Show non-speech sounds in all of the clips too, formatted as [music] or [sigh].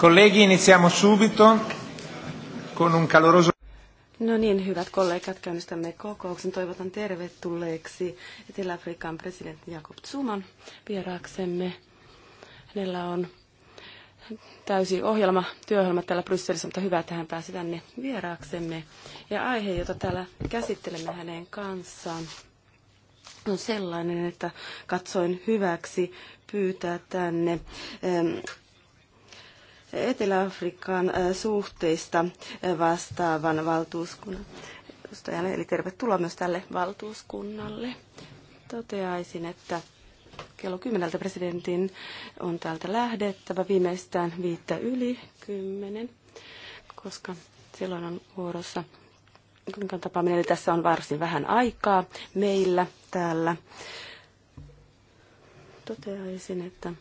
Colleghi, iniziamo subito con un caloroso... No niin, hyvät kollegat, käynnistämme kokouksen. Toivotan tervetulleeksi Etelä-Afrikan presidentti Jakob Zuman vieraaksemme. Hänellä on täysi ohjelma, työohjelma täällä Brysselissä, mutta hyvä, että hän pääsi tänne vieraaksemme. Ja aihe, jota täällä käsittelemme hänen kanssaan, on sellainen, että katsoin hyväksi pyytää tänne Etelä-Afrikan äh, suhteista äh, vastaavan valtuuskunnan edustajan. Eli tervetuloa myös tälle valtuuskunnalle. Toteaisin, että kello kymmeneltä presidentin on täältä lähdettävä viimeistään viittä yli kymmenen, koska silloin on vuorossa kuninkaan tapaaminen. Eli tässä on varsin vähän aikaa meillä täällä. Toteaisin, että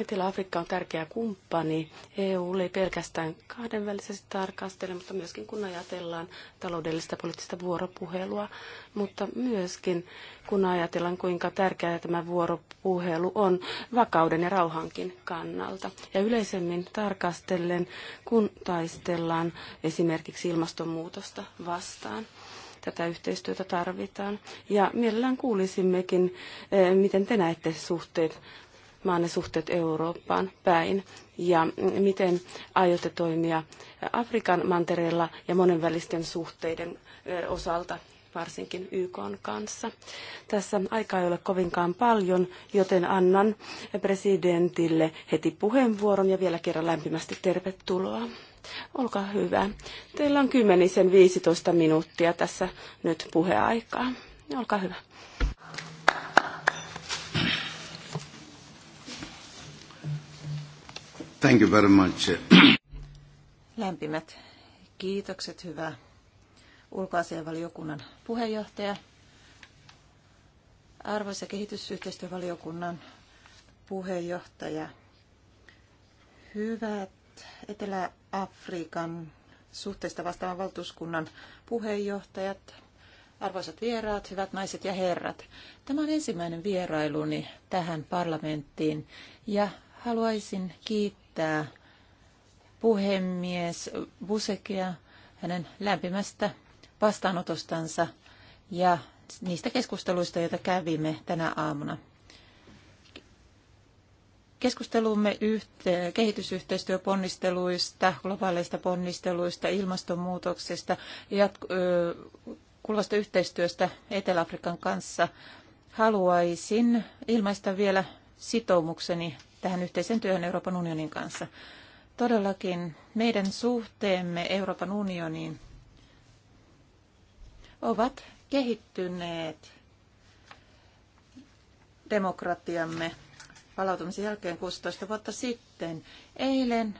Etelä-Afrikka on tärkeä kumppani. EU ei pelkästään kahdenvälisesti tarkastele, mutta myöskin kun ajatellaan taloudellista poliittista vuoropuhelua, mutta myöskin kun ajatellaan, kuinka tärkeää tämä vuoropuhelu on vakauden ja rauhankin kannalta. Ja yleisemmin tarkastellen, kun taistellaan esimerkiksi ilmastonmuutosta vastaan tätä yhteistyötä tarvitaan. Ja mielellään kuulisimmekin, eh, miten te näette suhteet maanne suhteet Eurooppaan päin ja miten aiotte toimia Afrikan mantereella ja monenvälisten suhteiden osalta varsinkin YK kanssa. Tässä aikaa ei ole kovinkaan paljon, joten annan presidentille heti puheenvuoron ja vielä kerran lämpimästi tervetuloa. Olkaa hyvä. Teillä on kymmenisen 15 minuuttia tässä nyt puheaikaa. Olkaa hyvä. Thank you very much. Lämpimät kiitokset, hyvä ulkoasianvaliokunnan puheenjohtaja. Arvoisa kehitysyhteistyövaliokunnan puheenjohtaja. Hyvät Etelä-Afrikan suhteista vastaavan valtuuskunnan puheenjohtajat, arvoisat vieraat, hyvät naiset ja herrat. Tämä on ensimmäinen vierailuni tähän parlamenttiin ja haluaisin kiittää kiittää puhemies Busekia hänen lämpimästä vastaanotostansa ja niistä keskusteluista, joita kävimme tänä aamuna. Keskustelumme yhte- kehitysyhteistyöponnisteluista, globaaleista ponnisteluista, ilmastonmuutoksesta ja kulvasta yhteistyöstä Etelä-Afrikan kanssa haluaisin ilmaista vielä sitoumukseni tähän yhteiseen työhön Euroopan unionin kanssa. Todellakin meidän suhteemme Euroopan unioniin ovat kehittyneet demokratiamme palautumisen jälkeen 16 vuotta sitten. Eilen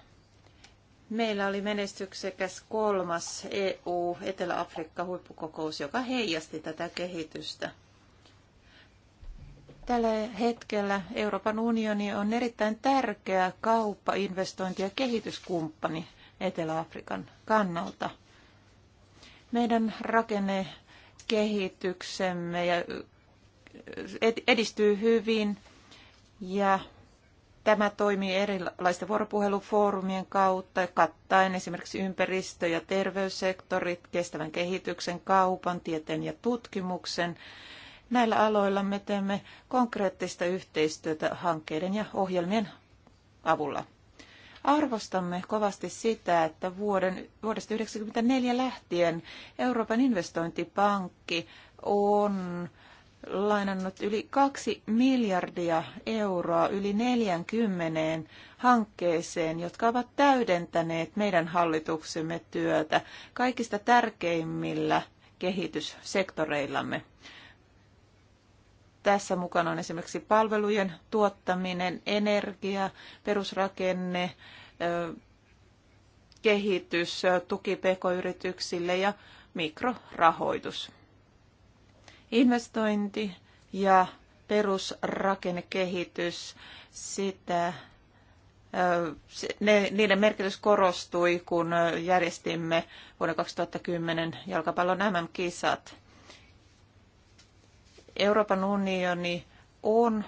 meillä oli menestyksekäs kolmas EU-Etelä-Afrikka huippukokous, joka heijasti tätä kehitystä. Tällä hetkellä Euroopan unioni on erittäin tärkeä kauppa, investointi ja kehityskumppani Etelä-Afrikan kannalta. Meidän rakennekehityksemme ja edistyy hyvin ja tämä toimii erilaisten vuoropuhelufoorumien kautta, kattaen esimerkiksi ympäristö- ja terveyssektorit, kestävän kehityksen, kaupan, tieteen ja tutkimuksen Näillä aloilla me teemme konkreettista yhteistyötä hankkeiden ja ohjelmien avulla. Arvostamme kovasti sitä, että vuoden, vuodesta 1994 lähtien Euroopan investointipankki on lainannut yli 2 miljardia euroa yli 40 hankkeeseen, jotka ovat täydentäneet meidän hallituksemme työtä kaikista tärkeimmillä kehityssektoreillamme. Tässä mukana on esimerkiksi palvelujen tuottaminen, energia, perusrakenne, kehitys, tuki pk-yrityksille ja mikrorahoitus. Investointi ja perusrakennekehitys, sitä, ne, niiden merkitys korostui, kun järjestimme vuonna 2010 jalkapallon MM-kisat. Euroopan unioni on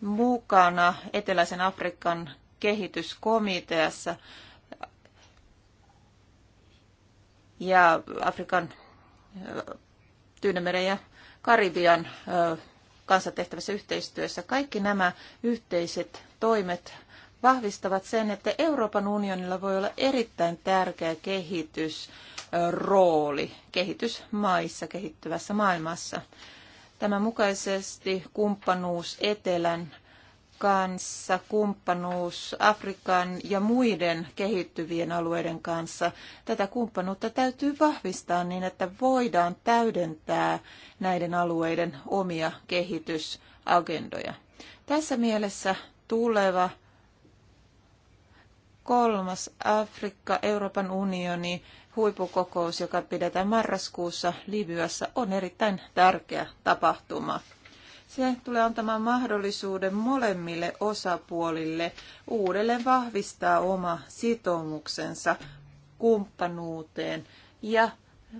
mukana Eteläisen Afrikan kehityskomiteassa ja Afrikan äh, Tyynemeren ja Karibian äh, kanssa tehtävässä yhteistyössä. Kaikki nämä yhteiset toimet vahvistavat sen, että Euroopan unionilla voi olla erittäin tärkeä kehitysrooli kehitysmaissa, kehittyvässä maailmassa. Tämän mukaisesti kumppanuus Etelän kanssa, kumppanuus Afrikan ja muiden kehittyvien alueiden kanssa. Tätä kumppanuutta täytyy vahvistaa niin, että voidaan täydentää näiden alueiden omia kehitysagendoja. Tässä mielessä tuleva kolmas Afrikka-Euroopan unioni huippukokous, joka pidetään marraskuussa Libyassa, on erittäin tärkeä tapahtuma. Se tulee antamaan mahdollisuuden molemmille osapuolille uudelleen vahvistaa oma sitoumuksensa kumppanuuteen ja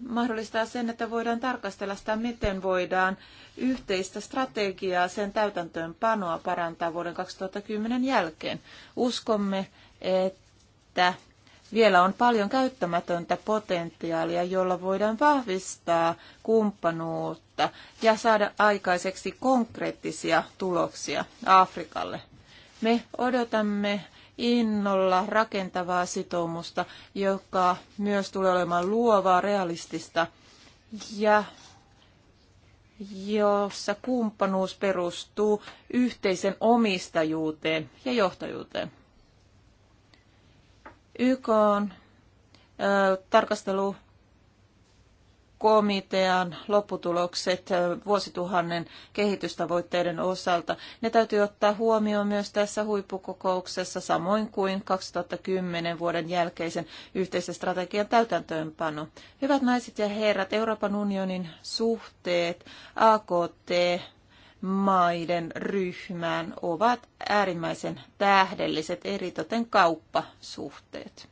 mahdollistaa sen, että voidaan tarkastella sitä, miten voidaan yhteistä strategiaa sen täytäntöönpanoa parantaa vuoden 2010 jälkeen. Uskomme, että vielä on paljon käyttämätöntä potentiaalia, jolla voidaan vahvistaa kumppanuutta ja saada aikaiseksi konkreettisia tuloksia Afrikalle. Me odotamme innolla rakentavaa sitoumusta, joka myös tulee olemaan luovaa, realistista ja jossa kumppanuus perustuu yhteisen omistajuuteen ja johtajuuteen. YK on tarkastelukomitean lopputulokset vuosituhannen kehitystavoitteiden osalta. Ne täytyy ottaa huomioon myös tässä huippukokouksessa, samoin kuin 2010 vuoden jälkeisen yhteisen strategian täytäntöönpano. Hyvät naiset ja herrat, Euroopan unionin suhteet AKT maiden ryhmään ovat äärimmäisen tähdelliset, eritoten kauppasuhteet.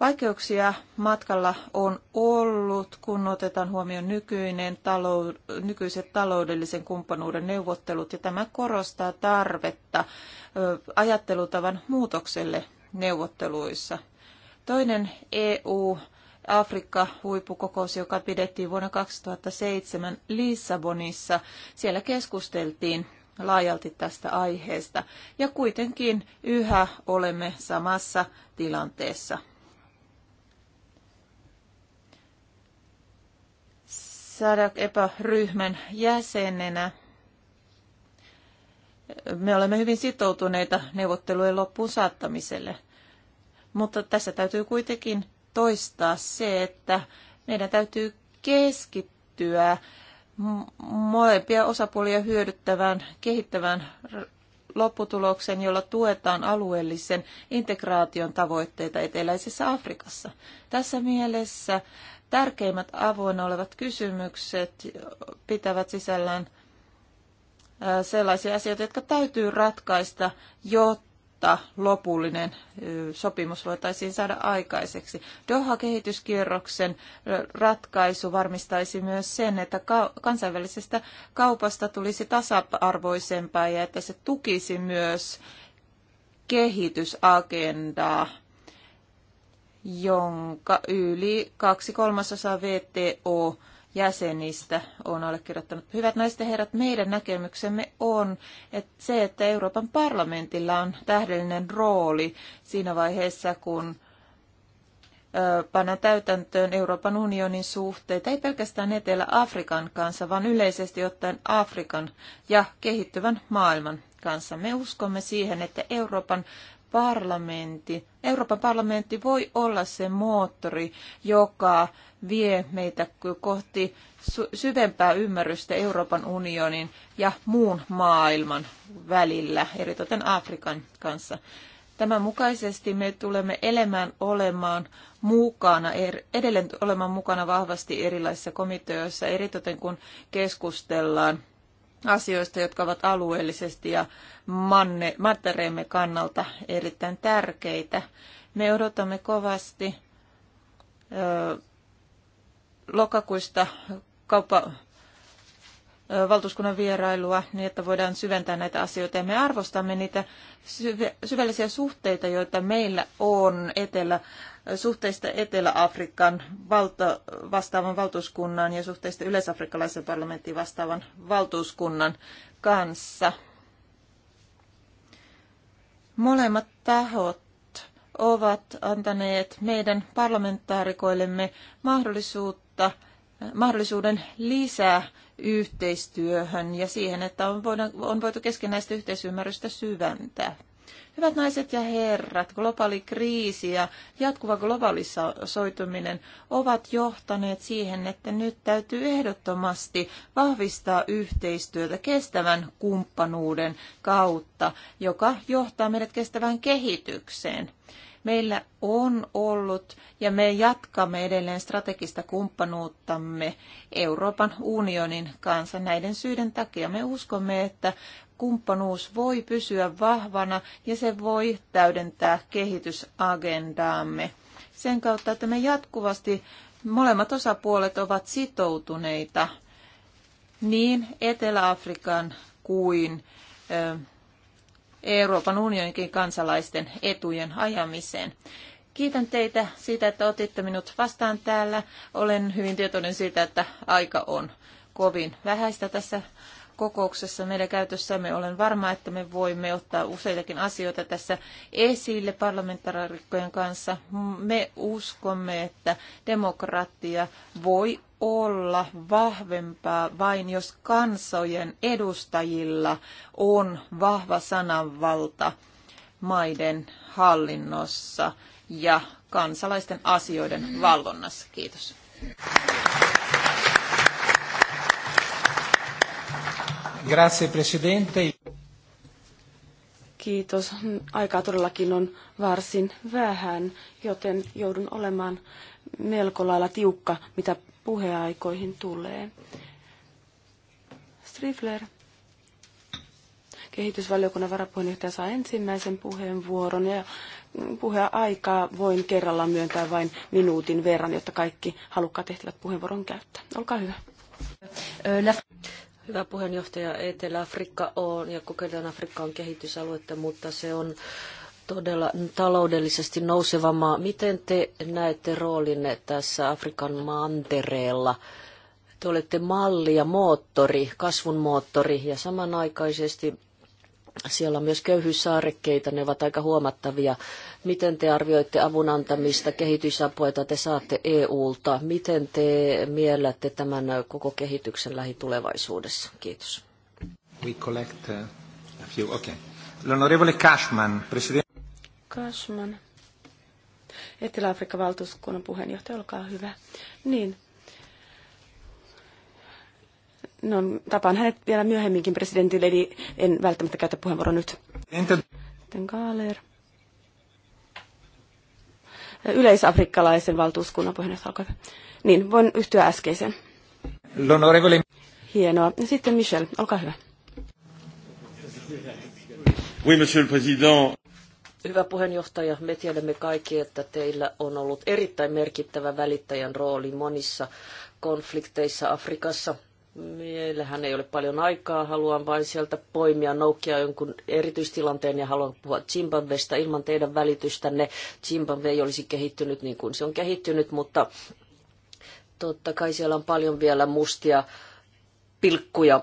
Vaikeuksia matkalla on ollut, kun otetaan huomioon nykyinen talou, nykyiset taloudellisen kumppanuuden neuvottelut, ja tämä korostaa tarvetta ajattelutavan muutokselle neuvotteluissa. Toinen EU Afrikka-huippukokous, joka pidettiin vuonna 2007 Lissabonissa. Siellä keskusteltiin laajalti tästä aiheesta ja kuitenkin yhä olemme samassa tilanteessa. Sadak ryhmän jäsenenä me olemme hyvin sitoutuneita neuvottelujen loppuun saattamiselle. Mutta tässä täytyy kuitenkin toistaa se, että meidän täytyy keskittyä molempia osapuolia hyödyttävään, kehittävään lopputulokseen, jolla tuetaan alueellisen integraation tavoitteita eteläisessä Afrikassa. Tässä mielessä tärkeimmät avoinna olevat kysymykset pitävät sisällään sellaisia asioita, jotka täytyy ratkaista, jotta jotta lopullinen sopimus voitaisiin saada aikaiseksi. Doha-kehityskierroksen ratkaisu varmistaisi myös sen, että kansainvälisestä kaupasta tulisi tasa-arvoisempaa ja että se tukisi myös kehitysagendaa, jonka yli kaksi kolmasosaa VTO jäsenistä on allekirjoittanut. Hyvät naiset ja herrat, meidän näkemyksemme on että se, että Euroopan parlamentilla on tähdellinen rooli siinä vaiheessa, kun panna täytäntöön Euroopan unionin suhteita, ei pelkästään Etelä-Afrikan kanssa, vaan yleisesti ottaen Afrikan ja kehittyvän maailman kanssa. Me uskomme siihen, että Euroopan parlamentti, Euroopan parlamentti voi olla se moottori, joka vie meitä kohti syvempää ymmärrystä Euroopan unionin ja muun maailman välillä, eritoten Afrikan kanssa. Tämän mukaisesti me tulemme elämään olemaan mukana, er-, edelleen olemaan mukana vahvasti erilaisissa komiteoissa, eritoten kun keskustellaan asioista, jotka ovat alueellisesti ja manne, mantereemme kannalta erittäin tärkeitä. Me odotamme kovasti ö, lokakuista kauppa, valtuuskunnan vierailua niin, että voidaan syventää näitä asioita. Ja me arvostamme niitä syvällisiä suhteita, joita meillä on etelä, suhteista Etelä-Afrikan valta, vastaavan valtuuskunnan ja suhteista yleisafrikkalaisen parlamentin vastaavan valtuuskunnan kanssa. Molemmat tahot ovat antaneet meidän parlamentaarikoillemme mahdollisuutta, mahdollisuuden lisää yhteistyöhön ja siihen, että on, voida, on voitu keskenäistä yhteisymmärrystä syventää. Hyvät naiset ja herrat, globaali kriisi ja jatkuva globalisoituminen ovat johtaneet siihen, että nyt täytyy ehdottomasti vahvistaa yhteistyötä kestävän kumppanuuden kautta, joka johtaa meidät kestävään kehitykseen. Meillä on ollut ja me jatkamme edelleen strategista kumppanuuttamme Euroopan unionin kanssa näiden syiden takia. Me uskomme, että kumppanuus voi pysyä vahvana ja se voi täydentää kehitysagendaamme sen kautta, että me jatkuvasti molemmat osapuolet ovat sitoutuneita niin Etelä-Afrikan kuin Euroopan unioninkin kansalaisten etujen ajamiseen. Kiitän teitä siitä, että otitte minut vastaan täällä. Olen hyvin tietoinen siitä, että aika on kovin vähäistä tässä kokouksessa meidän käytössämme. Olen varma, että me voimme ottaa useitakin asioita tässä esille parlamentaarikkojen kanssa. Me uskomme, että demokratia voi olla vahvempaa vain, jos kansojen edustajilla on vahva sananvalta maiden hallinnossa ja kansalaisten asioiden valvonnassa. Kiitos. Grazie Presidente. Kiitos. Aikaa todellakin on varsin vähän, joten joudun olemaan melko lailla tiukka, mitä puheaikoihin tulee. Strifler, kehitysvaliokunnan varapuheenjohtaja, saa ensimmäisen puheenvuoron ja puheaikaa voin kerralla myöntää vain minuutin verran, jotta kaikki halukkaat ehtivät puheenvuoron käyttää. Olkaa hyvä. Hyvä puheenjohtaja, Etelä-Afrikka on ja Kokeillaan Afrikka on kehitysaluetta, mutta se on todella taloudellisesti nouseva maa. Miten te näette roolinne tässä Afrikan mantereella? Te olette malli ja moottori, kasvun moottori ja samanaikaisesti siellä on myös köyhyyssaarekkeita, ne ovat aika huomattavia. Miten te arvioitte avun antamista, kehitysapua, jota te saatte EUlta? Miten te miellätte tämän koko kehityksen lähitulevaisuudessa? Kiitos. We collect uh, a few. Okay. L'onorevole Cashman, presidente. Cashman. Etelä-Afrikan valtuuskunnan puheenjohtaja, olkaa hyvä. Niin. No, tapaan hänet vielä myöhemminkin presidentille, eli en välttämättä käytä puheenvuoroa nyt. Entä? Kaaler. Yleisafrikkalaisen valtuuskunnan puheenjohtaja, olkaa hyvä. Niin, voin yhtyä äskeiseen. L'onorevole. Hienoa. Sitten Michel, olkaa hyvä. Oui, monsieur le président. Hyvä puheenjohtaja, me tiedämme kaikki, että teillä on ollut erittäin merkittävä välittäjän rooli monissa konflikteissa Afrikassa. Meillähän ei ole paljon aikaa, haluan vain sieltä poimia noukkia jonkun erityistilanteen ja haluan puhua Zimbabwesta. Ilman teidän välitystänne Zimbabwe ei olisi kehittynyt niin kuin se on kehittynyt, mutta totta kai siellä on paljon vielä mustia pilkkuja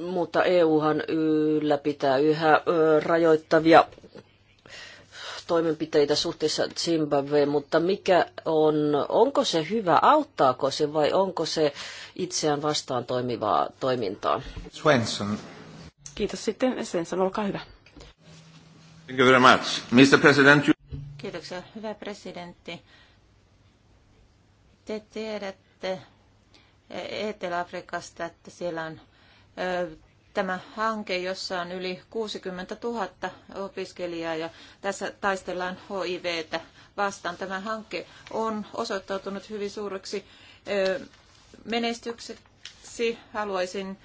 mutta EUhan ylläpitää yhä rajoittavia toimenpiteitä suhteessa Zimbabween, mutta mikä on, onko se hyvä, auttaako se vai onko se itseään vastaan toimivaa toimintaa? Svensson. Kiitos sitten Svensson, olkaa hyvä. Thank you very much. Mr. President, you... Kiitoksia, hyvä presidentti. Te tiedätte Etelä-Afrikasta, että siellä on tämä hanke, jossa on yli 60 000 opiskelijaa ja tässä taistellaan HIVtä vastaan. Tämä hanke on osoittautunut hyvin suureksi menestykseksi. Haluaisin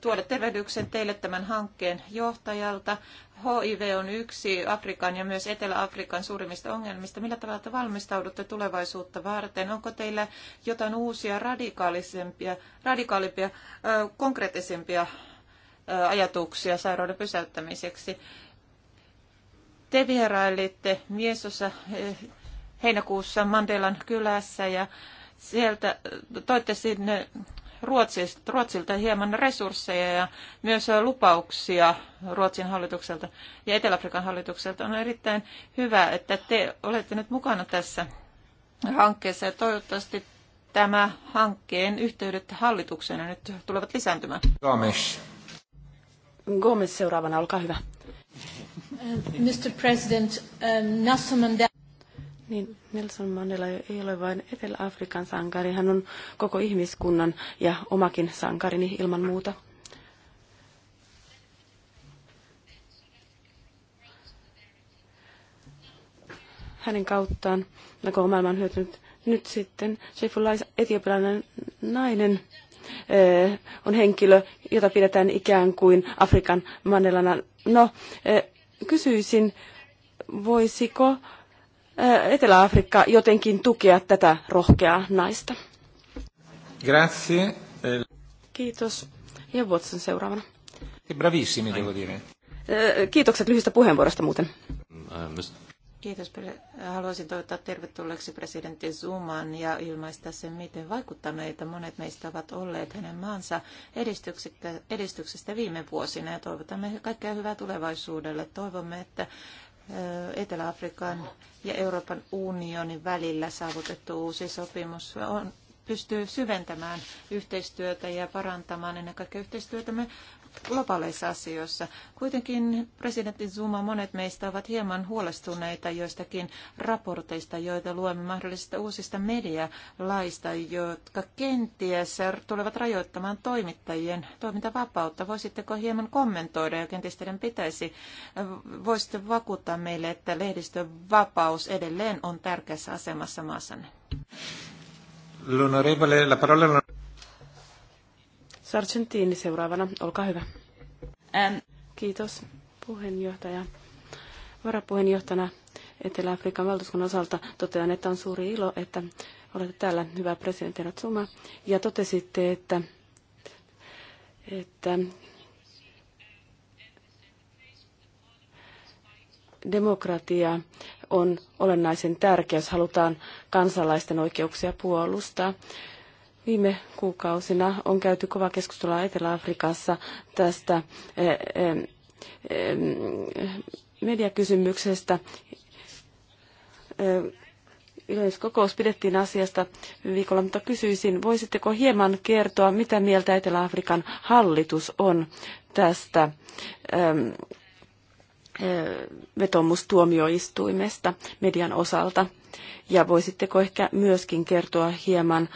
tuoda tervehdyksen teille tämän hankkeen johtajalta. HIV on yksi Afrikan ja myös Etelä-Afrikan suurimmista ongelmista. Millä tavalla te valmistaudutte tulevaisuutta varten? Onko teillä jotain uusia radikaalisempia, radikaalimpia, konkreettisempia ajatuksia sairauden pysäyttämiseksi? Te vierailitte Miesossa heinäkuussa Mandelan kylässä ja sieltä toitte sinne Ruotsista, Ruotsilta hieman resursseja ja myös lupauksia Ruotsin hallitukselta ja Etelä-Afrikan hallitukselta. On erittäin hyvä, että te olette nyt mukana tässä hankkeessa ja toivottavasti tämä hankkeen yhteydet hallitukseen nyt tulevat lisääntymään. Gomes. Gomes seuraavana, olkaa hyvä. Mr. President, um, Nelson Mandela... Niin, Nelson Mandela ei ole vain Etelä-Afrikan sankari, hän on koko ihmiskunnan ja omakin sankarini ilman muuta. Hänen kauttaan koko maailma on hyötynyt nyt sitten Sheffulais, etiopilainen nainen eh, on henkilö, jota pidetään ikään kuin Afrikan Mandelana. No, eh, kysyisin, voisiko Etelä-Afrikka jotenkin tukea tätä rohkeaa naista? Grazie. Kiitos. Ja Watson seuraavana. Bravissimi, devo dire. Kiitokset lyhyistä puheenvuorosta muuten. Kiitos. Haluaisin toivottaa tervetulleeksi presidentti Zuman ja ilmaista sen, miten vaikuttaneita monet meistä ovat olleet hänen maansa edistyksestä viime vuosina ja toivotamme kaikkea hyvää tulevaisuudelle. Toivomme, että Etelä-Afrikan ja Euroopan unionin välillä saavutettu uusi sopimus on, pystyy syventämään yhteistyötä ja parantamaan ennen kaikkea yhteistyötämme globaaleissa asioissa. Kuitenkin presidentti Zuma, monet meistä ovat hieman huolestuneita joistakin raporteista, joita luemme mahdollisista uusista medialaista, jotka kenties tulevat rajoittamaan toimittajien toimintavapautta. Voisitteko hieman kommentoida ja kenties teidän pitäisi, voisitte vakuuttaa meille, että lehdistön vapaus edelleen on tärkeässä asemassa maassanne? L'onorevole, la parola Sargentini seuraavana, olkaa hyvä. Ähm. Kiitos puheenjohtaja. Varapuheenjohtajana Etelä-Afrikan valtuuskunnan osalta totean, että on suuri ilo, että olette täällä, hyvä presidentti Ratsuma, ja totesitte, että, että demokratia on olennaisen tärkeä, jos halutaan kansalaisten oikeuksia puolustaa. Viime kuukausina on käyty kova keskustelua Etelä-Afrikassa tästä eh, eh, eh, mediakysymyksestä. Yleiskokous pidettiin asiasta viikolla, mutta kysyisin, voisitteko hieman kertoa, mitä mieltä Etelä-Afrikan hallitus on tästä ehm, vetomustuomioistuimesta median osalta? Ja voisitteko ehkä myöskin kertoa hieman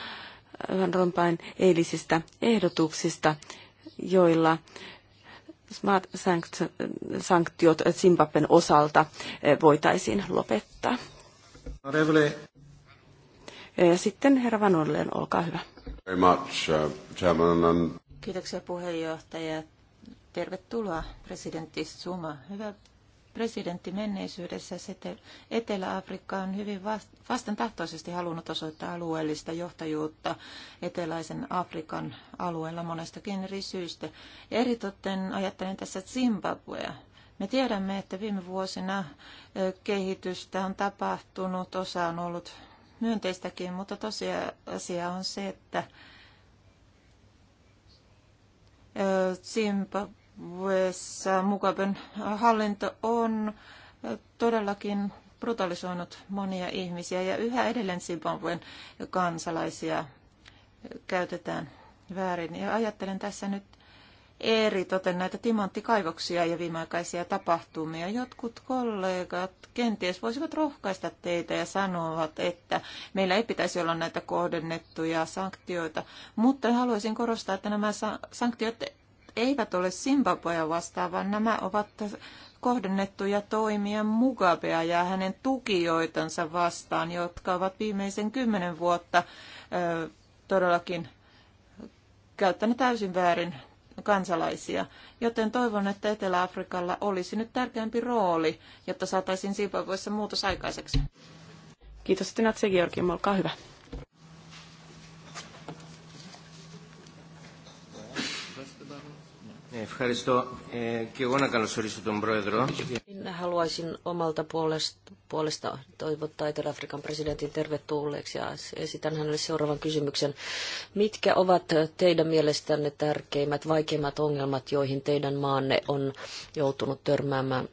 Van Rompain eilisistä ehdotuksista, joilla smart sanktiot Zimbabwen osalta eh, voitaisiin lopettaa. Eh, sitten herra Van Orlen, olkaa hyvä. Very much, uh, Kiitoksia puheenjohtaja. Tervetuloa presidentti Suma. Hyvä presidentti menneisyydessä Etelä-Afrikka on hyvin vastentahtoisesti halunnut osoittaa alueellista johtajuutta eteläisen Afrikan alueella monestakin eri syystä. Eritoten ajattelen tässä Zimbabwea. Me tiedämme, että viime vuosina kehitystä on tapahtunut, osa on ollut myönteistäkin, mutta tosiasia on se, että Zimbabwe Zimbabwessa Mugaben hallinto on todellakin brutalisoinut monia ihmisiä ja yhä edelleen Zimbabwen kansalaisia käytetään väärin. Ja ajattelen tässä nyt eri toten näitä timanttikaivoksia ja viimeaikaisia tapahtumia. Jotkut kollegat kenties voisivat rohkaista teitä ja sanovat, että meillä ei pitäisi olla näitä kohdennettuja sanktioita, mutta haluaisin korostaa, että nämä sanktiot eivät ole Zimbabwea vastaan, vaan nämä ovat kohdennettuja toimia Mugabea ja hänen tukijoitansa vastaan, jotka ovat viimeisen kymmenen vuotta todellakin käyttäneet täysin väärin kansalaisia. Joten toivon, että Etelä-Afrikalla olisi nyt tärkeämpi rooli, jotta saataisiin Zimbabwessa muutos aikaiseksi. Kiitos, Tinatse Georgi, olkaa hyvä. Ευχαριστώ. Ε, και εγώ να καλωσορίσω τον Πρόεδρο. Minä haluaisin omalta puolesta, puolesta toivottaa Etelä-Afrikan presidentin tervetulleeksi ja esitän hänelle seuraavan kysymyksen. Mitkä ovat teidän mielestänne tärkeimmät, vaikeimmat ongelmat, joihin teidän maanne on joutunut törmäämään?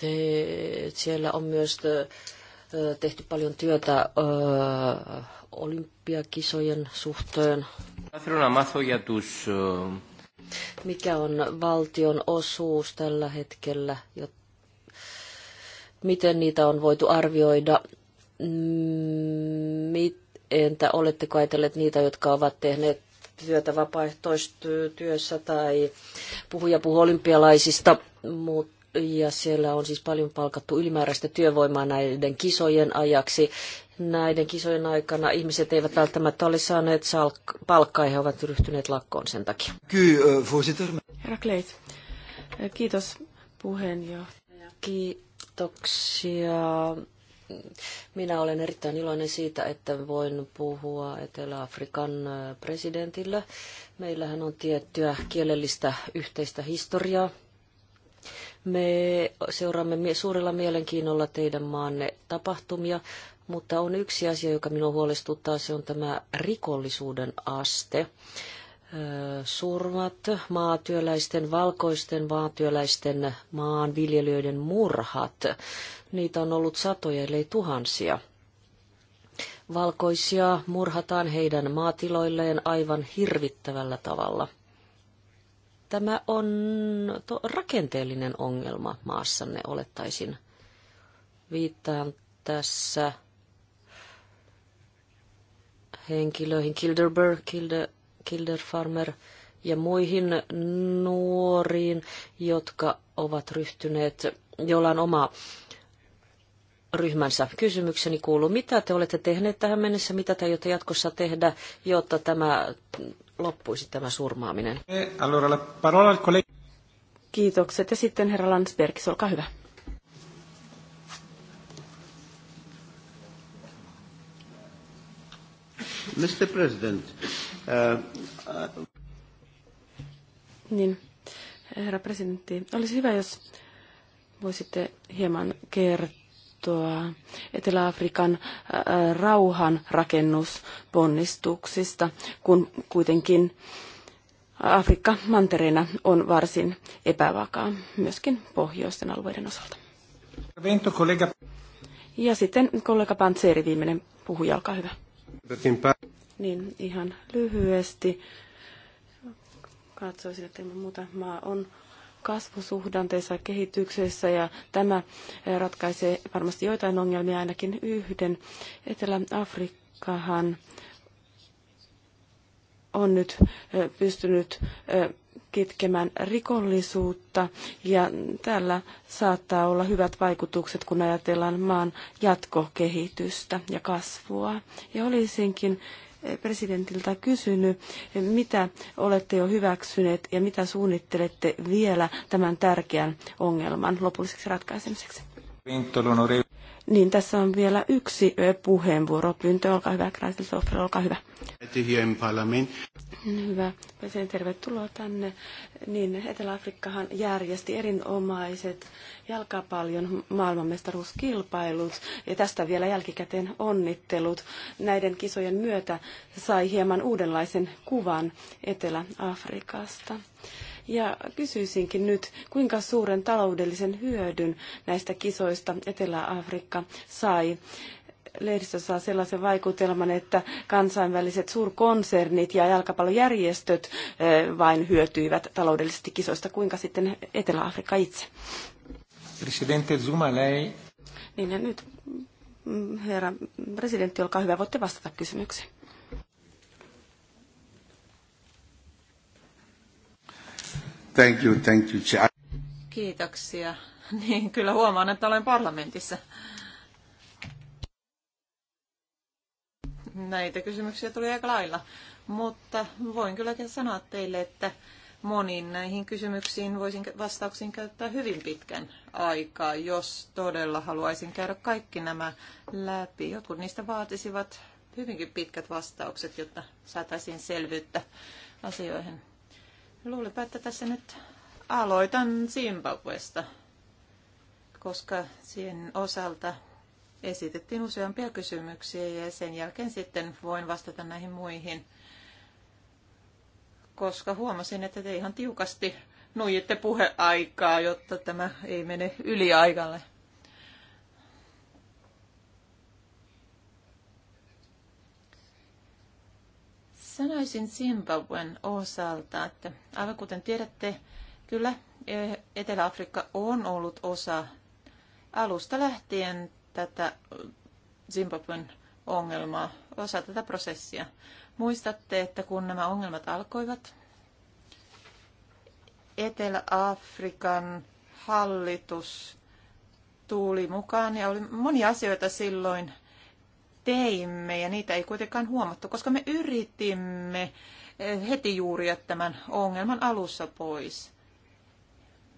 Te, siellä on myös tehty paljon työtä ö, olympiakisojen suhteen. Mikä on valtion osuus tällä hetkellä? Miten niitä on voitu arvioida? Mm, entä oletteko ajatelleet niitä, jotka ovat tehneet työtä vapaaehtoistyössä tai puhuja puhu olympialaisista, mutta ja siellä on siis paljon palkattu ylimääräistä työvoimaa näiden kisojen ajaksi näiden kisojen aikana ihmiset eivät välttämättä ole saaneet salk- palkkaa ja he ovat ryhtyneet lakkoon sen takia. Herra Kleit, kiitos puheenjohtaja. Kiitoksia. Minä olen erittäin iloinen siitä, että voin puhua Etelä-Afrikan presidentillä. Meillähän on tiettyä kielellistä yhteistä historiaa. Me seuraamme suurella mielenkiinnolla teidän maanne tapahtumia. Mutta on yksi asia, joka minua huolestuttaa, se on tämä rikollisuuden aste. Surmat, maatyöläisten, valkoisten maatyöläisten, maanviljelijöiden murhat. Niitä on ollut satoja, ellei tuhansia. Valkoisia murhataan heidän maatiloilleen aivan hirvittävällä tavalla. Tämä on rakenteellinen ongelma maassanne, olettaisin. Viittaan tässä henkilöihin, Kilderberg, Kilder, Farmer ja muihin nuoriin, jotka ovat ryhtyneet, joilla on oma ryhmänsä. Kysymykseni kuuluu, mitä te olette tehneet tähän mennessä, mitä te aiotte jatkossa tehdä, jotta tämä loppuisi tämä surmaaminen? Eh, Kiitokset ja sitten herra Landsbergis, olkaa hyvä. Mr. President. Uh, uh, Niin, herra presidentti, olisi hyvä, jos voisitte hieman kertoa Etelä-Afrikan äh, rauhanrakennusponnistuksista, kun kuitenkin Afrikka mantereena on varsin epävakaa, myöskin pohjoisten alueiden osalta. Ja sitten kollega Pantseri, viimeinen puhuja, olkaa hyvä. Niin, ihan lyhyesti. Katsoisin, että muuta maa on kasvusuhdanteessa kehityksessä ja tämä eh, ratkaisee varmasti joitain ongelmia, ainakin yhden. Etelä-Afrikkahan on nyt eh, pystynyt eh, kitkemään rikollisuutta ja tällä saattaa olla hyvät vaikutukset, kun ajatellaan maan jatkokehitystä ja kasvua. Ja olisinkin eh, presidentiltä kysynyt, eh, mitä olette jo hyväksyneet ja mitä suunnittelette vielä tämän tärkeän ongelman lopulliseksi ratkaisemiseksi? Niin, tässä on vielä yksi puheenvuoropyyntö. Olkaa hyvä, Kreisel Sofra, olkaa hyvä. Hyvä. Sen tervetuloa tänne. Niin, Etelä-Afrikkahan järjesti erinomaiset jalkapallon maailmanmestaruuskilpailut ja tästä vielä jälkikäteen onnittelut. Näiden kisojen myötä sai hieman uudenlaisen kuvan Etelä-Afrikasta. Ja kysyisinkin nyt, kuinka suuren taloudellisen hyödyn näistä kisoista Etelä-Afrikka sai lehdistö saa sellaisen vaikutelman, että kansainväliset suurkonsernit ja jalkapallojärjestöt eh, vain hyötyivät taloudellisesti kisoista. Kuinka sitten Etelä-Afrikka itse? Presidente Zuma, lei... Niin ja nyt, mm, herra presidentti, olkaa hyvä, voitte vastata kysymykseen. Thank you, thank you, Chair. Kiitoksia. [laughs] Niin, kyllä huomaan, että olen parlamentissa. Näitä kysymyksiä tuli aika lailla, mutta voin kylläkin sanoa teille, että moniin näihin kysymyksiin voisin vastauksiin käyttää hyvin pitkän aikaa, jos todella haluaisin käydä kaikki nämä läpi. Jotkut niistä vaatisivat hyvinkin pitkät vastaukset, jotta saataisiin selvyyttä asioihin. Luulenpa, että tässä nyt aloitan Zimbabwesta, koska siihen osalta esitettiin useampia kysymyksiä ja sen jälkeen sitten voin vastata näihin muihin, koska huomasin, että te ihan tiukasti nuijitte puheaikaa, jotta tämä ei mene yli Sanoisin Zimbabwen osalta, että aivan kuten tiedätte, kyllä e, Etelä-Afrikka on ollut osa alusta lähtien tätä Zimbabwen ongelmaa, osa tätä prosessia. Muistatte, että kun nämä ongelmat alkoivat, Etelä-Afrikan hallitus tuuli mukaan ja oli monia asioita silloin teimme ja niitä ei kuitenkaan huomattu, koska me yritimme eh, heti juuri tämän ongelman alussa pois.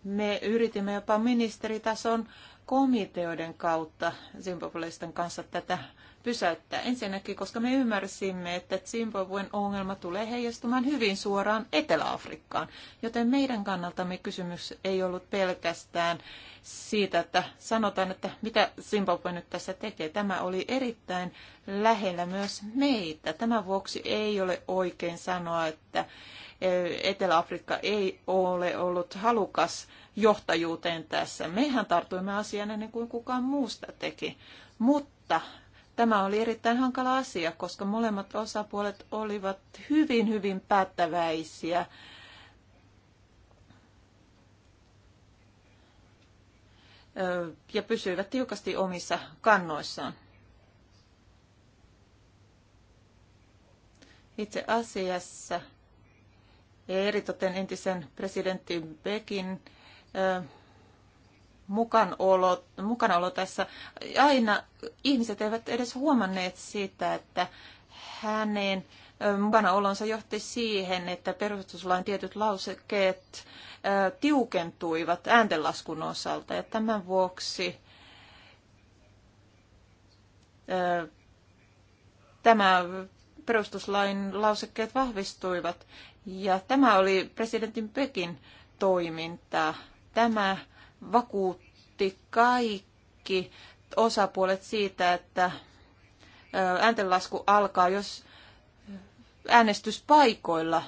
Me yritimme jopa ministeritason komiteoiden kautta Zimbabwelaisten kanssa tätä pysäyttää. Ensinnäkin, koska me ymmärsimme, että Zimbabwen ongelma tulee heijastumaan hyvin suoraan Etelä-Afrikkaan. Joten meidän kannaltamme kysymys ei ollut pelkästään siitä, että sanotaan, että mitä Zimbabwe nyt tässä tekee. Tämä oli erittäin lähellä myös meitä. Tämän vuoksi ei ole oikein sanoa, että e, Etelä-Afrikka ei ole ollut halukas johtajuuteen tässä. Mehän tartuimme asiaan ennen kuin kukaan muusta teki. Mutta Tämä oli erittäin hankala asia, koska molemmat osapuolet olivat hyvin, hyvin päättäväisiä. ja pysyivät tiukasti omissa kannoissaan. Itse asiassa eritoten entisen presidentti Bekin mukanaolo, mukanaolo tässä. Aina ihmiset eivät edes huomanneet siitä, että hänen mukanaolonsa johti siihen, että perustuslain tietyt lausekkeet tiukentuivat ääntenlaskun osalta. Ja tämän vuoksi tämä perustuslain lausekkeet vahvistuivat. Ja tämä oli presidentin Pekin toimintaa. Tämä vakuutti kaikki osapuolet siitä, että ääntenlasku alkaa, jos äänestyspaikoilla.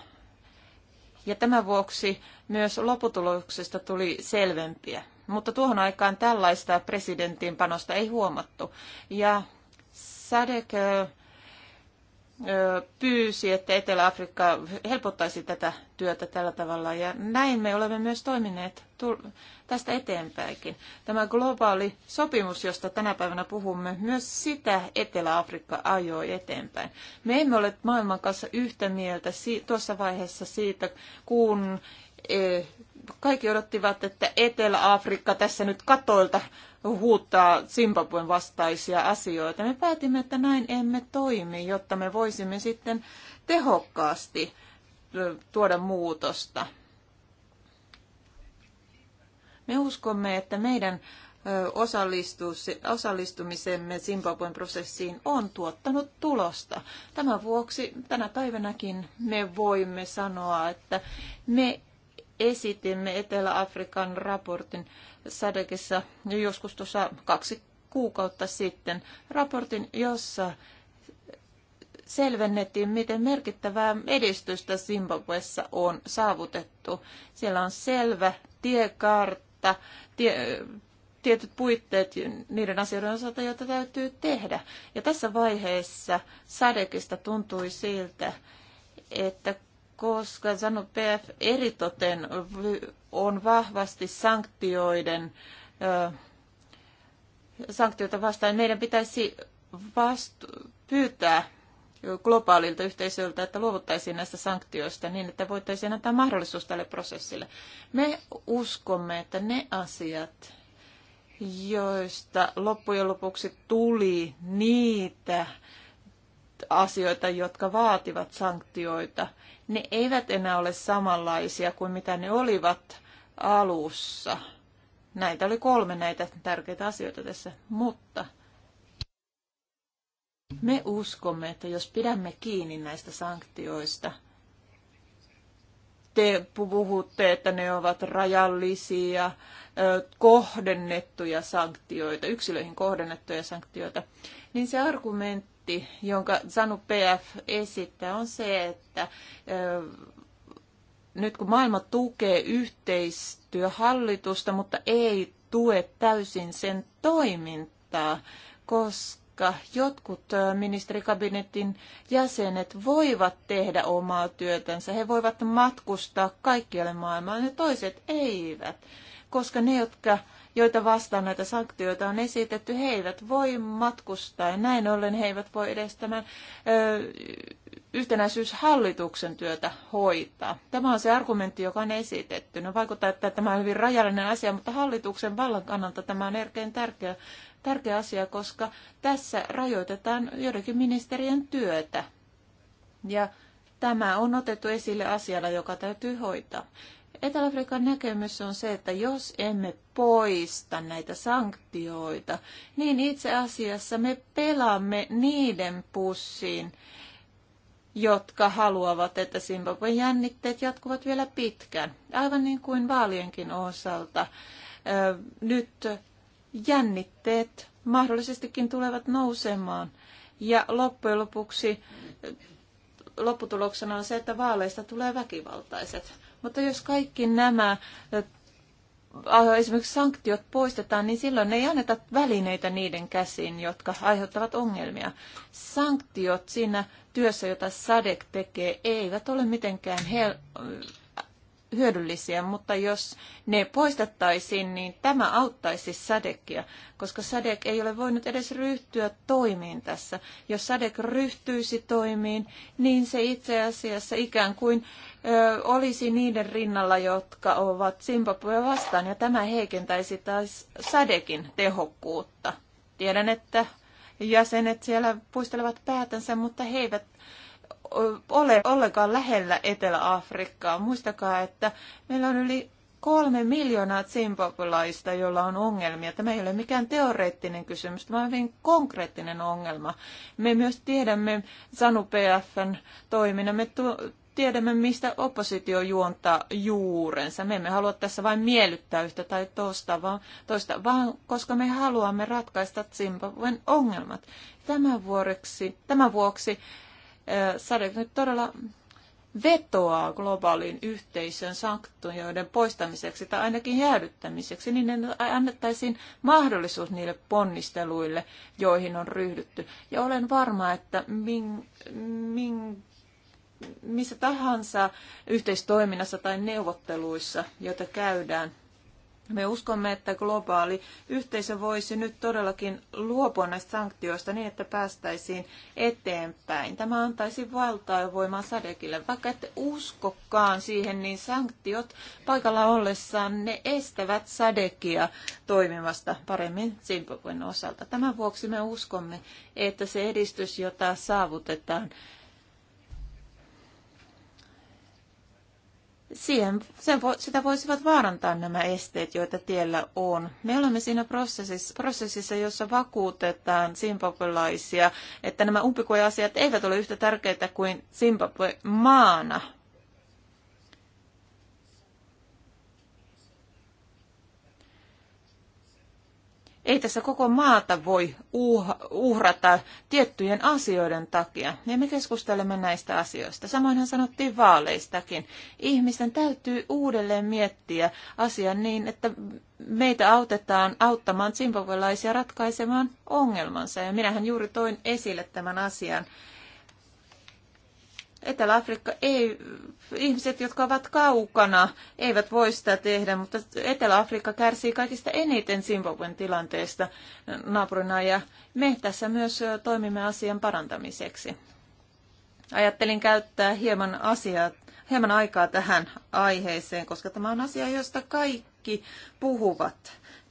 Ja tämän vuoksi myös loputuloksesta tuli selvempiä. Mutta tuohon aikaan tällaista presidentin panosta ei huomattu. Ja Sadek pyysi, että Etelä-Afrikka helpottaisi tätä työtä tällä tavalla. Ja näin me olemme myös toimineet tästä eteenpäinkin. Tämä globaali sopimus, josta tänä päivänä puhumme, myös sitä Etelä-Afrikka ajoi eteenpäin. Me emme ole maailman kanssa yhtä mieltä tuossa vaiheessa siitä, kun kaikki odottivat, että Etelä-Afrikka tässä nyt katoilta huuttaa Zimbabwen vastaisia asioita. Me päätimme, että näin emme toimi, jotta me voisimme sitten tehokkaasti tuoda muutosta. Me uskomme, että meidän osallistumisemme Zimbabwen prosessiin on tuottanut tulosta. Tämän vuoksi tänä päivänäkin me voimme sanoa, että me esitimme Etelä-Afrikan raportin Sadekissa joskus tuossa kaksi kuukautta sitten. Raportin, jossa selvennettiin, miten merkittävää edistystä Zimbabwessa on saavutettu. Siellä on selvä tiekartta, tie, tietyt puitteet niiden asioiden osalta, joita täytyy tehdä. Ja tässä vaiheessa Sadekista tuntui siltä, että koska ZANU-PF eritoten on vahvasti sanktioiden sanktioita vastaan. Meidän pitäisi vastu- pyytää globaalilta yhteisöltä, että luovuttaisiin näistä sanktioista niin, että voitaisiin antaa mahdollisuus tälle prosessille. Me uskomme, että ne asiat, joista loppujen lopuksi tuli niitä asioita, jotka vaativat sanktioita, ne eivät enää ole samanlaisia kuin mitä ne olivat alussa. Näitä oli kolme näitä tärkeitä asioita tässä, mutta me uskomme, että jos pidämme kiinni näistä sanktioista, te puhutte, että ne ovat rajallisia, kohdennettuja sanktioita, yksilöihin kohdennettuja sanktioita, niin se argumentti, pointti, jonka Zanu PF esittää, on se, että nyt kun maailma tukee yhteistyöhallitusta, mutta ei tue täysin sen toimintaa, koska jotkut ministerikabinetin jäsenet voivat tehdä omaa työtänsä. He voivat matkustaa kaikkialle maailmaan ja toiset eivät, koska ne, jotka joita vastaan näitä sanktioita on esitetty, he eivät voi matkustaa ja näin ollen he eivät voi edes tämän ö, yhtenäisyyshallituksen työtä hoitaa. Tämä on se argumentti, joka on esitetty. No vaikuttaa, että tämä on hyvin rajallinen asia, mutta hallituksen vallan kannalta tämä on erkein tärkeä, tärkeä asia, koska tässä rajoitetaan joidenkin ministerien työtä. Ja tämä on otettu esille asialla, joka täytyy hoitaa. Etelä-Afrikan näkemys on se, että jos emme poista näitä sanktioita, niin itse asiassa me pelaamme niiden pussiin, jotka haluavat, että Zimbabwen jännitteet jatkuvat vielä pitkään, aivan niin kuin vaalienkin osalta. Nyt jännitteet mahdollisestikin tulevat nousemaan. Ja loppujen lopuksi lopputuloksena on se, että vaaleista tulee väkivaltaiset. Mutta jos kaikki nämä esimerkiksi sanktiot poistetaan, niin silloin ei anneta välineitä niiden käsiin, jotka aiheuttavat ongelmia. Sanktiot siinä työssä, jota SADEC tekee, eivät ole mitenkään hel- hyödyllisiä, mutta jos ne poistettaisiin, niin tämä auttaisi Sadekia, koska Sadek ei ole voinut edes ryhtyä toimiin tässä. Jos Sadek ryhtyisi toimiin, niin se itse asiassa ikään kuin ö, olisi niiden rinnalla, jotka ovat Simpapuja vastaan, ja tämä heikentäisi taas Sadekin tehokkuutta. Tiedän, että jäsenet siellä puistelevat päätänsä, mutta he eivät ole ollenkaan lähellä Etelä-Afrikkaa. Muistakaa, että meillä on yli kolme miljoonaa zimbabwelaista, joilla on ongelmia. Tämä ei ole mikään teoreettinen kysymys, vaan hyvin konkreettinen ongelma. Me myös tiedämme Sanu PFn toiminnan. Me tiedämme, mistä oppositio juontaa juurensa. Me emme halua tässä vain miellyttää yhtä tai toista, vaan, toista, vaan koska me haluamme ratkaista Zimbabwen ongelmat. Tämän, vuoreksi, tämän vuoksi Sadek nyt todella vetoaa globaaliin yhteisön sanktioiden poistamiseksi tai ainakin jäädyttämiseksi, niin ne annettaisiin mahdollisuus niille ponnisteluille, joihin on ryhdytty. Ja olen varma, että min, min, missä tahansa yhteistoiminnassa tai neuvotteluissa, joita käydään – me uskomme, että globaali yhteisö voisi nyt todellakin luopua näistä sanktioista niin, että päästäisiin eteenpäin. Tämä antaisi valtaa ja voimaa Sadekille. Vaikka ette uskokaan siihen, niin sanktiot paikalla ollessaan ne estävät Sadekia toimimasta paremmin Zimbabwen osalta. Tämän vuoksi me uskomme, että se edistys, jota saavutetaan, siihen, sen vo, sitä voisivat vaarantaa nämä esteet, joita tiellä on. Me olemme siinä prosessissa, prosessissa jossa vakuutetaan simpapelaisia, että nämä umpikuja-asiat eivät ole yhtä tärkeitä kuin Zimbabwe maana. Ei tässä koko maata voi uh, uhrata tiettyjen asioiden takia. Ja me keskustelemme näistä asioista. Samoinhan sanottiin vaaleistakin. Ihmisten täytyy uudelleen miettiä asian niin, että meitä autetaan auttamaan zimbabwelaisia ratkaisemaan ongelmansa. Ja minähän juuri toin esille tämän asian Etelä-Afrikka ei, ihmiset, jotka ovat kaukana, eivät voi sitä tehdä, mutta Etelä-Afrikka kärsii kaikista eniten Zimbabwen tilanteesta naapurina ja me tässä myös toimimme asian parantamiseksi. Ajattelin käyttää hieman, asiaa, hieman aikaa tähän aiheeseen, koska tämä on asia, josta kaikki puhuvat.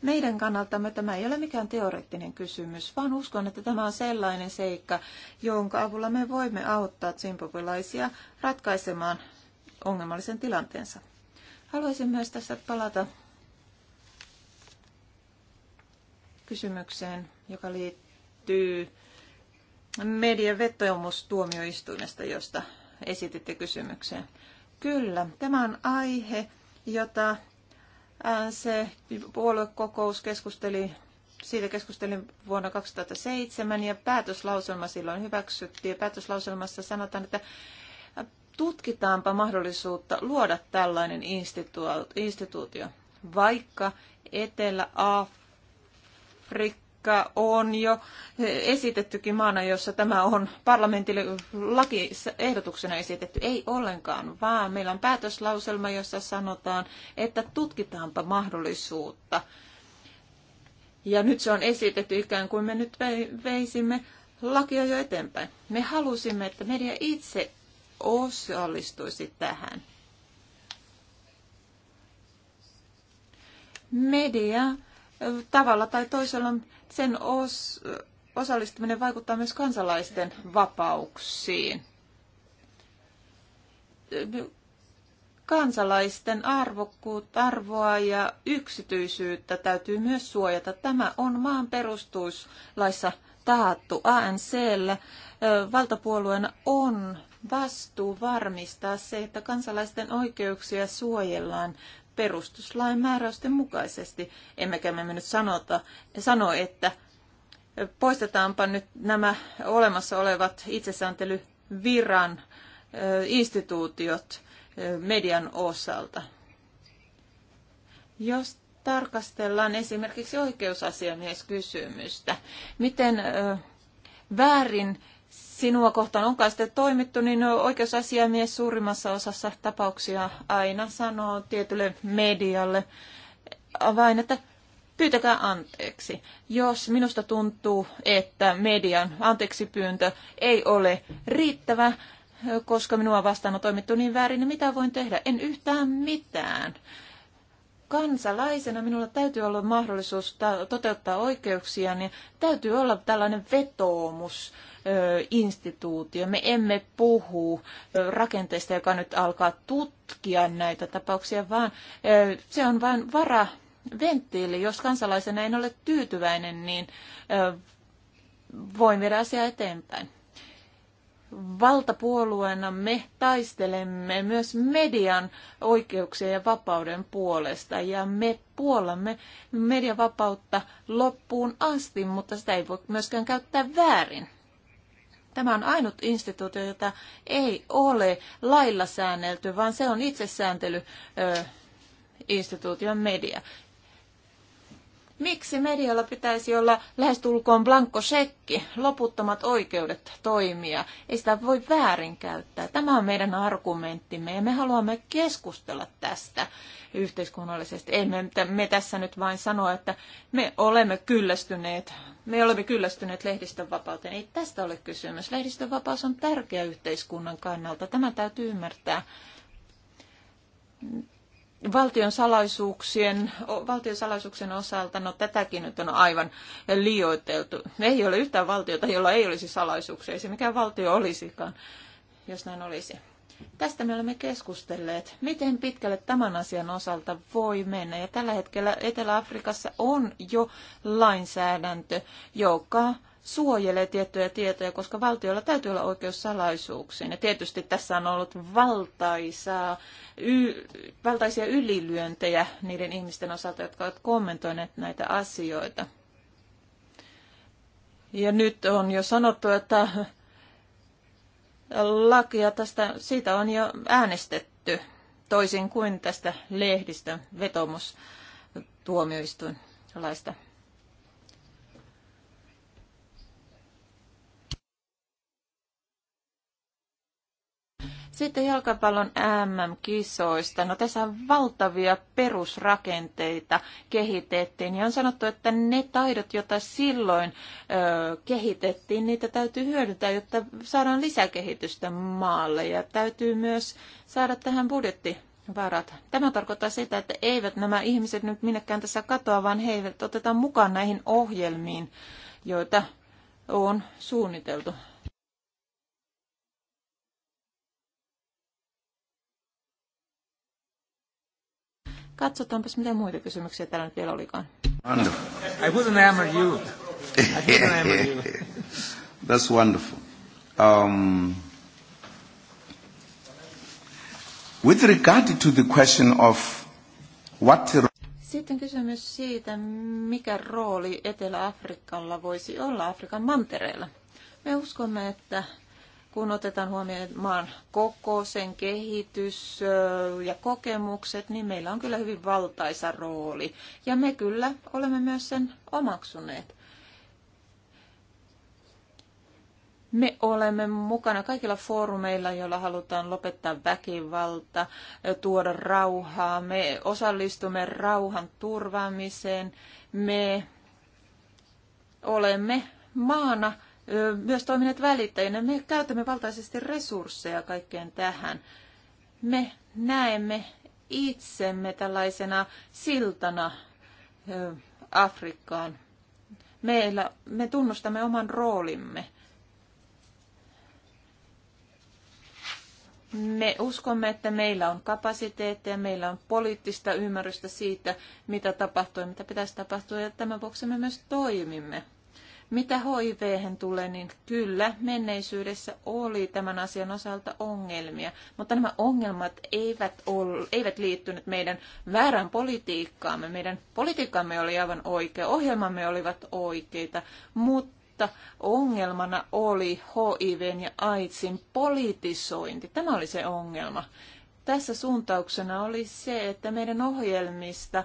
Meidän kannaltamme tämä ei ole mikään teoreettinen kysymys, vaan uskon, että tämä on sellainen seikka, jonka avulla me voimme auttaa zimbabwelaisia ratkaisemaan ongelmallisen tilanteensa. Haluaisin myös tässä palata kysymykseen, joka liittyy median vetoomustuomioistuimesta, josta esititte kysymykseen. Kyllä, tämä on aihe, jota Äh, se puoluekokous keskusteli, siitä keskustelin vuonna 2007 ja päätöslauselma silloin hyväksyttiin. päätöslauselmassa sanotaan, että tutkitaanpa mahdollisuutta luoda tällainen instituutio, vaikka Etelä-Afrikka vaikka on jo esitettykin maana, jossa tämä on parlamentille lakiehdotuksena esitetty. Ei ollenkaan, vaan meillä on päätöslauselma, jossa sanotaan, että tutkitaanpa mahdollisuutta. Ja nyt se on esitetty ikään kuin me nyt veisimme lakia jo eteenpäin. Me halusimme, että media itse osallistuisi tähän. Media tavalla tai toisella sen os, osallistuminen vaikuttaa myös kansalaisten vapauksiin. Kansalaisten arvokkuutta, arvoa ja yksityisyyttä täytyy myös suojata. Tämä on maan perustuslaissa taattu ANCllä. Valtapuolueena on vastuu varmistaa se, että kansalaisten oikeuksia suojellaan perustuslain määräysten mukaisesti. Emmekä me nyt sanota, sano, että poistetaanpa nyt nämä olemassa olevat itsesääntelyviran instituutiot median osalta. Jos tarkastellaan esimerkiksi oikeusasiamieskysymystä, miten väärin sinua kohtaan onkaan sitten toimittu, niin oikeusasiamies suurimmassa osassa tapauksia aina sanoo tietylle medialle vain, että pyytäkää anteeksi, jos minusta tuntuu, että median anteeksipyyntö ei ole riittävä, koska minua vastaan on toimittu niin väärin, niin mitä voin tehdä? En yhtään mitään. Kansalaisena minulla täytyy olla mahdollisuus toteuttaa oikeuksiani, niin täytyy olla tällainen vetoomus instituutio. Me emme puhu rakenteesta, joka nyt alkaa tutkia näitä tapauksia, vaan se on vain vara venttiili. Jos kansalaisena en ole tyytyväinen, niin voin viedä asiaa eteenpäin valtapuolueena me taistelemme myös median oikeuksien ja vapauden puolesta ja me puolamme median vapautta loppuun asti, mutta sitä ei voi myöskään käyttää väärin. Tämä on ainut instituutio, jota ei ole lailla säännelty, vaan se on itsesääntely instituution media. Miksi medialla pitäisi olla lähestulkoon blankko sekki, loputtomat oikeudet toimia? Ei sitä voi väärinkäyttää. Tämä on meidän argumenttimme ja me haluamme keskustella tästä yhteiskunnallisesti. Ei me, me tässä nyt vain sanoa, että me olemme kyllästyneet, me olemme kyllästyneet lehdistönvapauteen. Ei tästä ole kysymys. Lehdistönvapaus vapaus on tärkeä yhteiskunnan kannalta. Tämä täytyy ymmärtää valtion salaisuuksien, valtion salaisuuksien osalta, no tätäkin nyt on aivan liioiteltu. Ei ole yhtään valtiota, jolla ei olisi salaisuuksia, ei se mikään valtio olisikaan, jos näin olisi. Tästä me olemme keskustelleet, miten pitkälle tämän asian osalta voi mennä. Ja tällä hetkellä Etelä-Afrikassa on jo lainsäädäntö, joka suojelee tiettyjä tietoja, koska valtiolla täytyy olla oikeus salaisuuksiin. Ja tietysti tässä on ollut valtaisaa, y, valtaisia ylilyöntejä niiden ihmisten osalta, jotka ovat kommentoineet näitä asioita. Ja nyt on jo sanottu, että lakia tästä, siitä on jo äänestetty, toisin kuin tästä lehdistä vetomus tuomioistuinlaista. laista. Sitten jalkapallon MM-kisoista. No tässä on valtavia perusrakenteita kehitettiin ja on sanottu, että ne taidot, joita silloin ö, kehitettiin, niitä täytyy hyödyntää, jotta saadaan lisäkehitystä maalle ja täytyy myös saada tähän budjetti varat. Tämä tarkoittaa sitä, että eivät nämä ihmiset nyt minnekään tässä katoa, vaan heidät otetaan mukaan näihin ohjelmiin, joita on suunniteltu. Katsotaanpas, mitä muita kysymyksiä täällä nyt vielä olikaan. Anna. I wouldn't hammer you. I wouldn't hammer you. [laughs] That's wonderful. Um, with regard to the question of what sitten kysymys siitä, mikä rooli Etelä-Afrikalla voisi olla Afrikan mantereella. Me uskomme, että kun otetaan huomioon maan koko, sen kehitys ja kokemukset, niin meillä on kyllä hyvin valtaisa rooli. Ja me kyllä olemme myös sen omaksuneet. Me olemme mukana kaikilla foorumeilla, joilla halutaan lopettaa väkivalta, tuoda rauhaa. Me osallistumme rauhan turvaamiseen. Me olemme maana myös toimineet välittäjinä. Me käytämme valtaisesti resursseja kaikkeen tähän. Me näemme itsemme tällaisena siltana Afrikkaan. Meillä, me tunnustamme oman roolimme. Me uskomme, että meillä on kapasiteetteja, meillä on poliittista ymmärrystä siitä, mitä tapahtuu ja mitä pitäisi tapahtua, ja tämän vuoksi me myös toimimme. Mitä hiv tulee, niin kyllä menneisyydessä oli tämän asian osalta ongelmia, mutta nämä ongelmat eivät, ol, eivät liittyneet meidän väärän politiikkaamme. Meidän politiikkaamme oli aivan oikea, ohjelmamme olivat oikeita, mutta ongelmana oli HIV ja AIDSin politisointi. Tämä oli se ongelma tässä suuntauksena oli se, että meidän ohjelmista,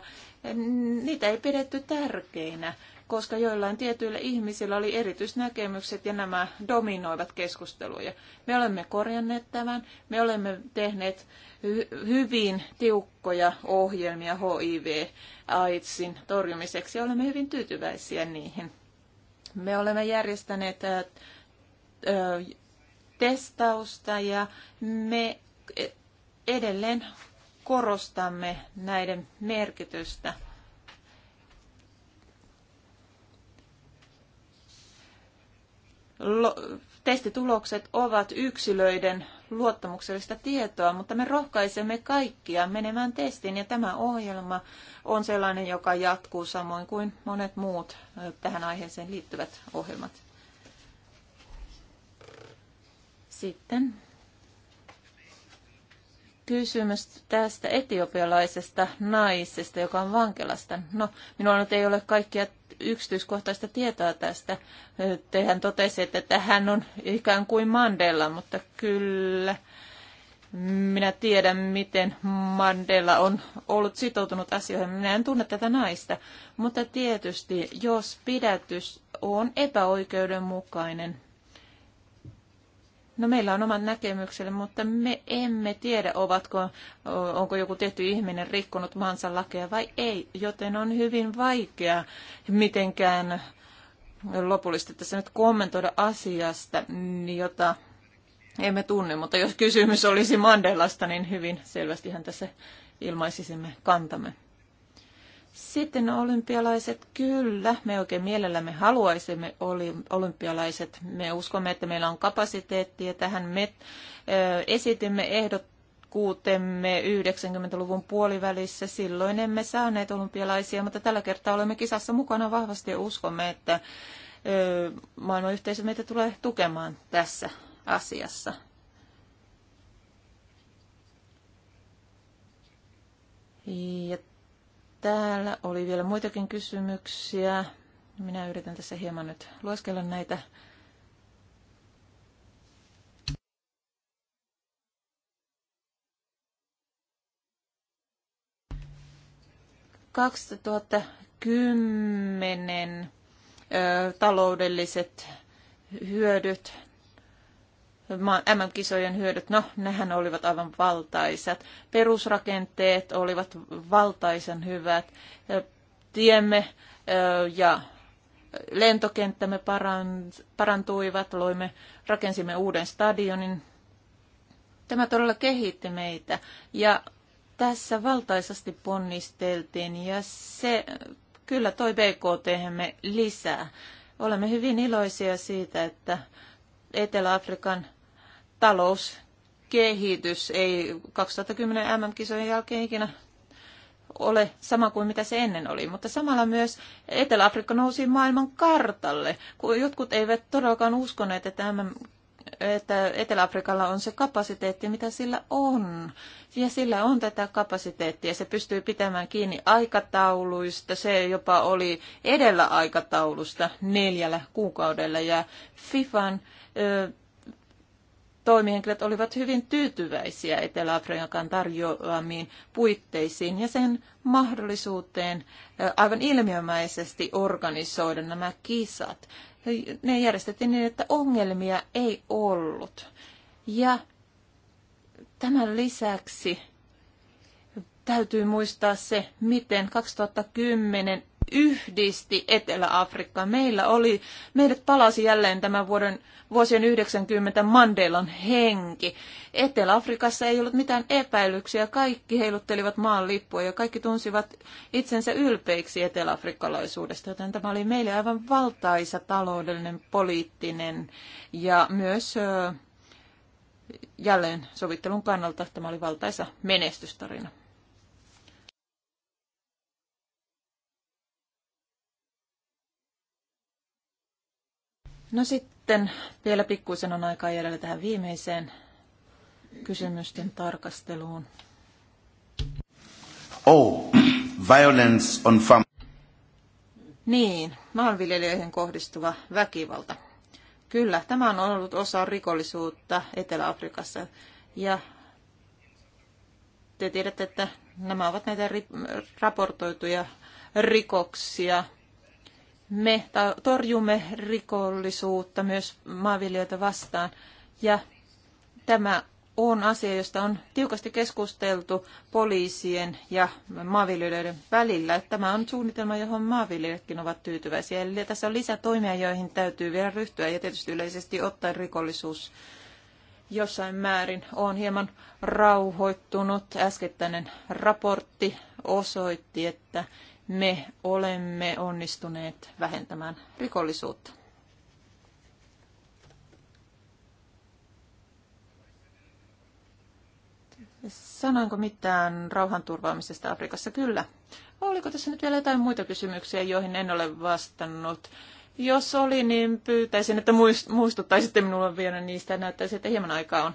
niitä ei pidetty tärkeinä koska joillain tietyillä ihmisillä oli erityisnäkemykset ja nämä dominoivat keskusteluja. Me olemme korjanneet tämän, me olemme tehneet hy- hyvin tiukkoja ohjelmia HIV-AIDSin torjumiseksi ja olemme hyvin tyytyväisiä niihin. Me olemme järjestäneet ää, testausta ja me e-, edelleen korostamme näiden merkitystä testitulokset ovat yksilöiden luottamuksellista tietoa, mutta me rohkaisemme kaikkia menemään testiin ja tämä ohjelma on sellainen, joka jatkuu samoin kuin monet muut tähän aiheeseen liittyvät ohjelmat. Sitten kysymys tästä etiopialaisesta naisesta, joka on vankilasta. No, minulla nyt ei ole kaikkia yksityiskohtaista tietoa tästä. Tehän totesi, että hän on ikään kuin Mandela, mutta kyllä minä tiedän, miten Mandela on ollut sitoutunut asioihin. Minä en tunne tätä naista, mutta tietysti jos pidätys on epäoikeudenmukainen, No meillä on oman näkemyksellä, mutta me emme tiedä, ovatko, onko joku tehty ihminen rikkonut maansa lakeja vai ei, joten on hyvin vaikea mitenkään lopullisesti tässä nyt kommentoida asiasta, niin jota emme tunne, mutta jos kysymys olisi Mandelasta, niin hyvin selvästi hän tässä ilmaisisimme kantamme. Sitten olympialaiset, kyllä, me oikein mielellämme haluaisimme olympialaiset. Me uskomme, että meillä on kapasiteetti ja tähän. Me esitimme ehdot kuutemme 90-luvun puolivälissä. Silloin emme saaneet olympialaisia, mutta tällä kertaa olemme kisassa mukana vahvasti ja uskomme, että maailmanyhteisö meitä tulee tukemaan tässä asiassa. Ja Täällä oli vielä muitakin kysymyksiä. Minä yritän tässä hieman nyt lueskella näitä. kymmenen taloudelliset hyödyt MM-kisojen hyödyt, no nehän olivat aivan valtaisat. Perusrakenteet olivat valtaisen hyvät. Tiemme ja lentokenttämme parantuivat, loimme, rakensimme uuden stadionin. Tämä todella kehitti meitä ja tässä valtaisasti ponnisteltiin ja se kyllä toi bkt lisää. Olemme hyvin iloisia siitä, että Etelä-Afrikan talouskehitys ei 2010 MM-kisojen jälkeen ikinä ole sama kuin mitä se ennen oli, mutta samalla myös Etelä-Afrikka nousi maailman kartalle, kun jotkut eivät todellakaan uskoneet, että MM että Etelä-Afrikalla on se kapasiteetti, mitä sillä on. Ja sillä on tätä kapasiteettia. Se pystyy pitämään kiinni aikatauluista. Se jopa oli edellä aikataulusta neljällä kuukaudella. Ja FIFAn ö, toimihenkilöt olivat hyvin tyytyväisiä Etelä-Afrikan tarjoamiin puitteisiin ja sen mahdollisuuteen aivan ilmiömäisesti organisoida nämä kisat. Ne järjestettiin niin, että ongelmia ei ollut. Ja tämän lisäksi täytyy muistaa se, miten 2010 yhdisti etelä afrikka Meillä oli, meidät palasi jälleen tämän vuoden vuosien 90 Mandelan henki. Etelä-Afrikassa ei ollut mitään epäilyksiä. Kaikki heiluttelivat maan lippua ja kaikki tunsivat itsensä ylpeiksi eteläafrikkalaisuudesta, joten tämä oli meille aivan valtaisa taloudellinen, poliittinen ja myös jälleen sovittelun kannalta tämä oli valtaisa menestystarina. No sitten vielä pikkuisen on aikaa jäljellä tähän viimeiseen kysymysten tarkasteluun. Oh, [clears throat] violence on farm. Niin, maanviljelijöihin kohdistuva väkivalta. Kyllä, tämä on ollut osa rikollisuutta Etelä-Afrikassa. Ja te tiedätte, että nämä ovat näitä raportoituja rikoksia, me torjumme rikollisuutta myös maanviljelijöitä vastaan. Ja tämä on asia, josta on tiukasti keskusteltu poliisien ja maanviljelijöiden välillä. Tämä on suunnitelma, johon maanviljelijätkin ovat tyytyväisiä. Eli tässä on lisätoimia, joihin täytyy vielä ryhtyä. Ja tietysti yleisesti ottaen rikollisuus jossain määrin on hieman rauhoittunut. Äskettäinen raportti osoitti, että me olemme onnistuneet vähentämään rikollisuutta. Sanoinko mitään rauhanturvaamisesta Afrikassa? Kyllä. Oliko tässä nyt vielä jotain muita kysymyksiä, joihin en ole vastannut? Jos oli, niin pyytäisin, että muistuttaisitte minulle vielä niistä näyttäisi, että hieman aikaa on.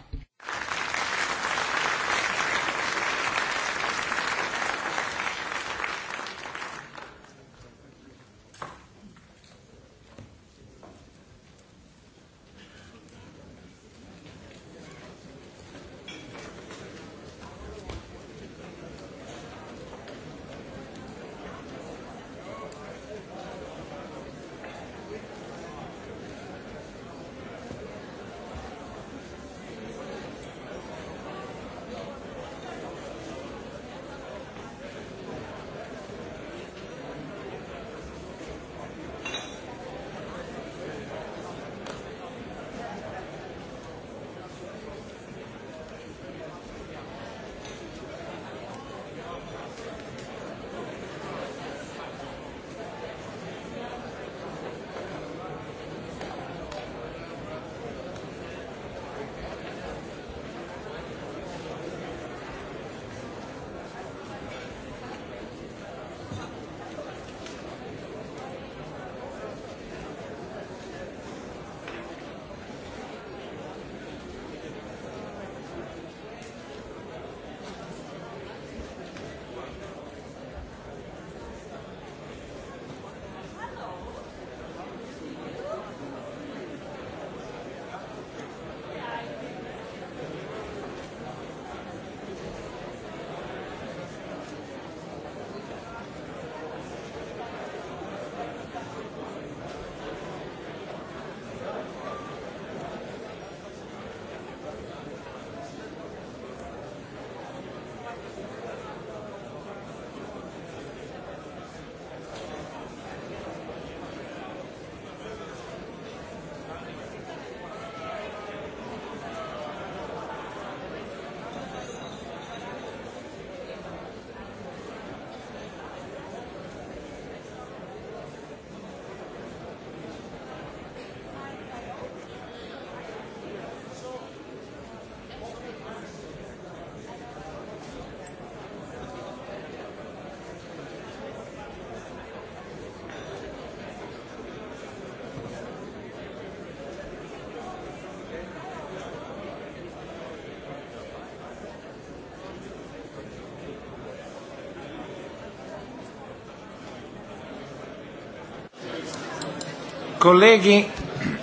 Kollegi,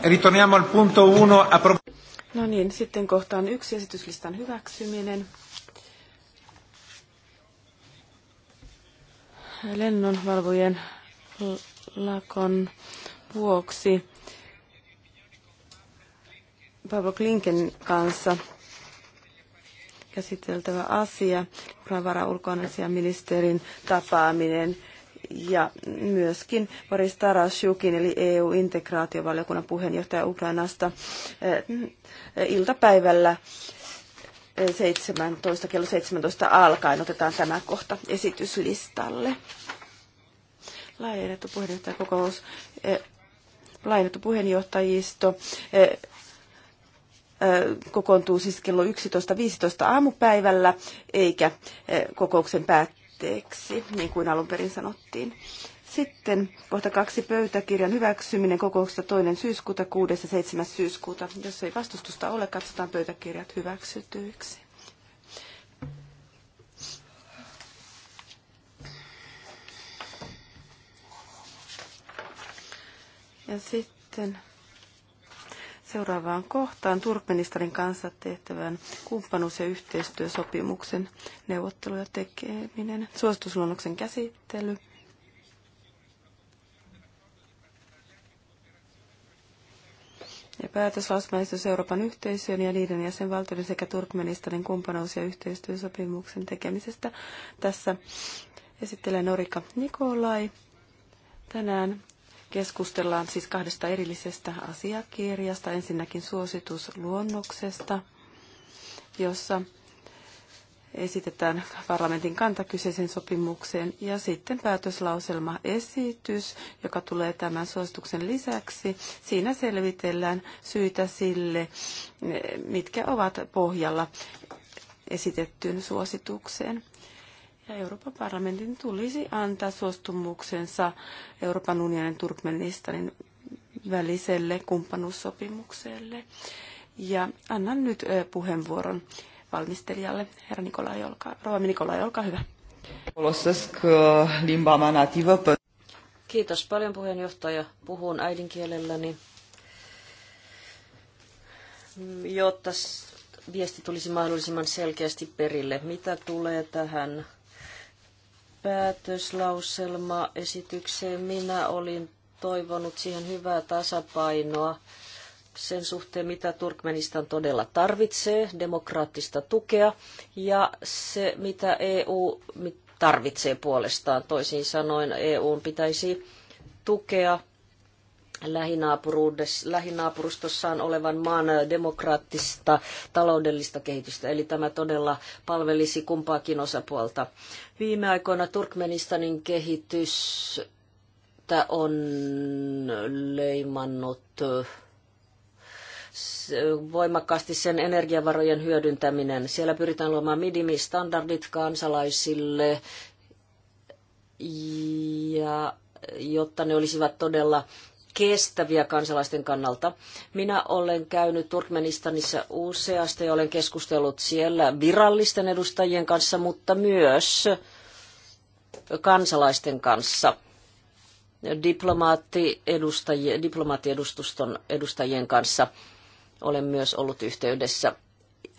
ritorniamo al punto No niin, sitten kohtaan yksi esityslistan hyväksyminen. Lennonvalvojen lakon vuoksi Pablo Klinken kanssa käsiteltävä asia, varaulkoasiaministerin tapaaminen ja myöskin Boris Tarasjukin eli EU-integraatiovaliokunnan puheenjohtaja Ukrainasta eh, iltapäivällä 17, eh, kello 17 alkaen otetaan tämä kohta esityslistalle. Laajennettu puheenjohtajakokous, eh, laajennettu puheenjohtajisto kokoontuu siis kello 11.15 aamupäivällä, eikä kokouksen päättyy anteeksi, niin kuin alun perin sanottiin. Sitten kohta kaksi pöytäkirjan hyväksyminen kokouksesta toinen syyskuuta, 6. ja 7. syyskuuta. Jos ei vastustusta ole, katsotaan pöytäkirjat hyväksytyiksi. Ja sitten seuraavaan kohtaan Turkmenistanin kanssa tehtävän kumppanuus- ja yhteistyösopimuksen neuvotteluja tekeminen. Suositusluonnoksen käsittely. ja päätöslausmaisuus Euroopan yhteisön ja niiden jäsenvaltioiden sekä Turkmenistanin kumppanuus- ja yhteistyösopimuksen tekemisestä. Tässä esittelee Norika Nikolai. Tänään Keskustellaan siis kahdesta erillisestä asiakirjasta. Ensinnäkin luonnoksesta, jossa esitetään parlamentin kanta kyseiseen sopimukseen ja sitten päätöslauselma esitys, joka tulee tämän suosituksen lisäksi. Siinä selvitellään syitä sille, mitkä ovat pohjalla esitettyyn suositukseen. Ja Euroopan parlamentin tulisi antaa suostumuksensa Euroopan unionin Turkmenistanin väliselle kumppanuussopimukselle. Ja annan nyt puheenvuoron valmistelijalle, herra Nikolai, olkaa, rouva Nikolai, olkaa hyvä. Kiitos paljon puheenjohtaja. Puhun äidinkielelläni, jotta viesti tulisi mahdollisimman selkeästi perille. Mitä tulee tähän päätöslauselmaesitykseen. Minä olin toivonut siihen hyvää tasapainoa sen suhteen, mitä Turkmenistan todella tarvitsee, demokraattista tukea ja se, mitä EU tarvitsee puolestaan. Toisin sanoen EU pitäisi tukea lähinaapurustossaan olevan maan demokraattista taloudellista kehitystä. Eli tämä todella palvelisi kumpaakin osapuolta. Viime aikoina Turkmenistanin kehitys on leimannut voimakkaasti sen energiavarojen hyödyntäminen. Siellä pyritään luomaan minimistandardit kansalaisille ja jotta ne olisivat todella kestäviä kansalaisten kannalta. Minä olen käynyt Turkmenistanissa useasti ja olen keskustellut siellä virallisten edustajien kanssa, mutta myös kansalaisten kanssa diplomaattiedustuston edustajien kanssa olen myös ollut yhteydessä.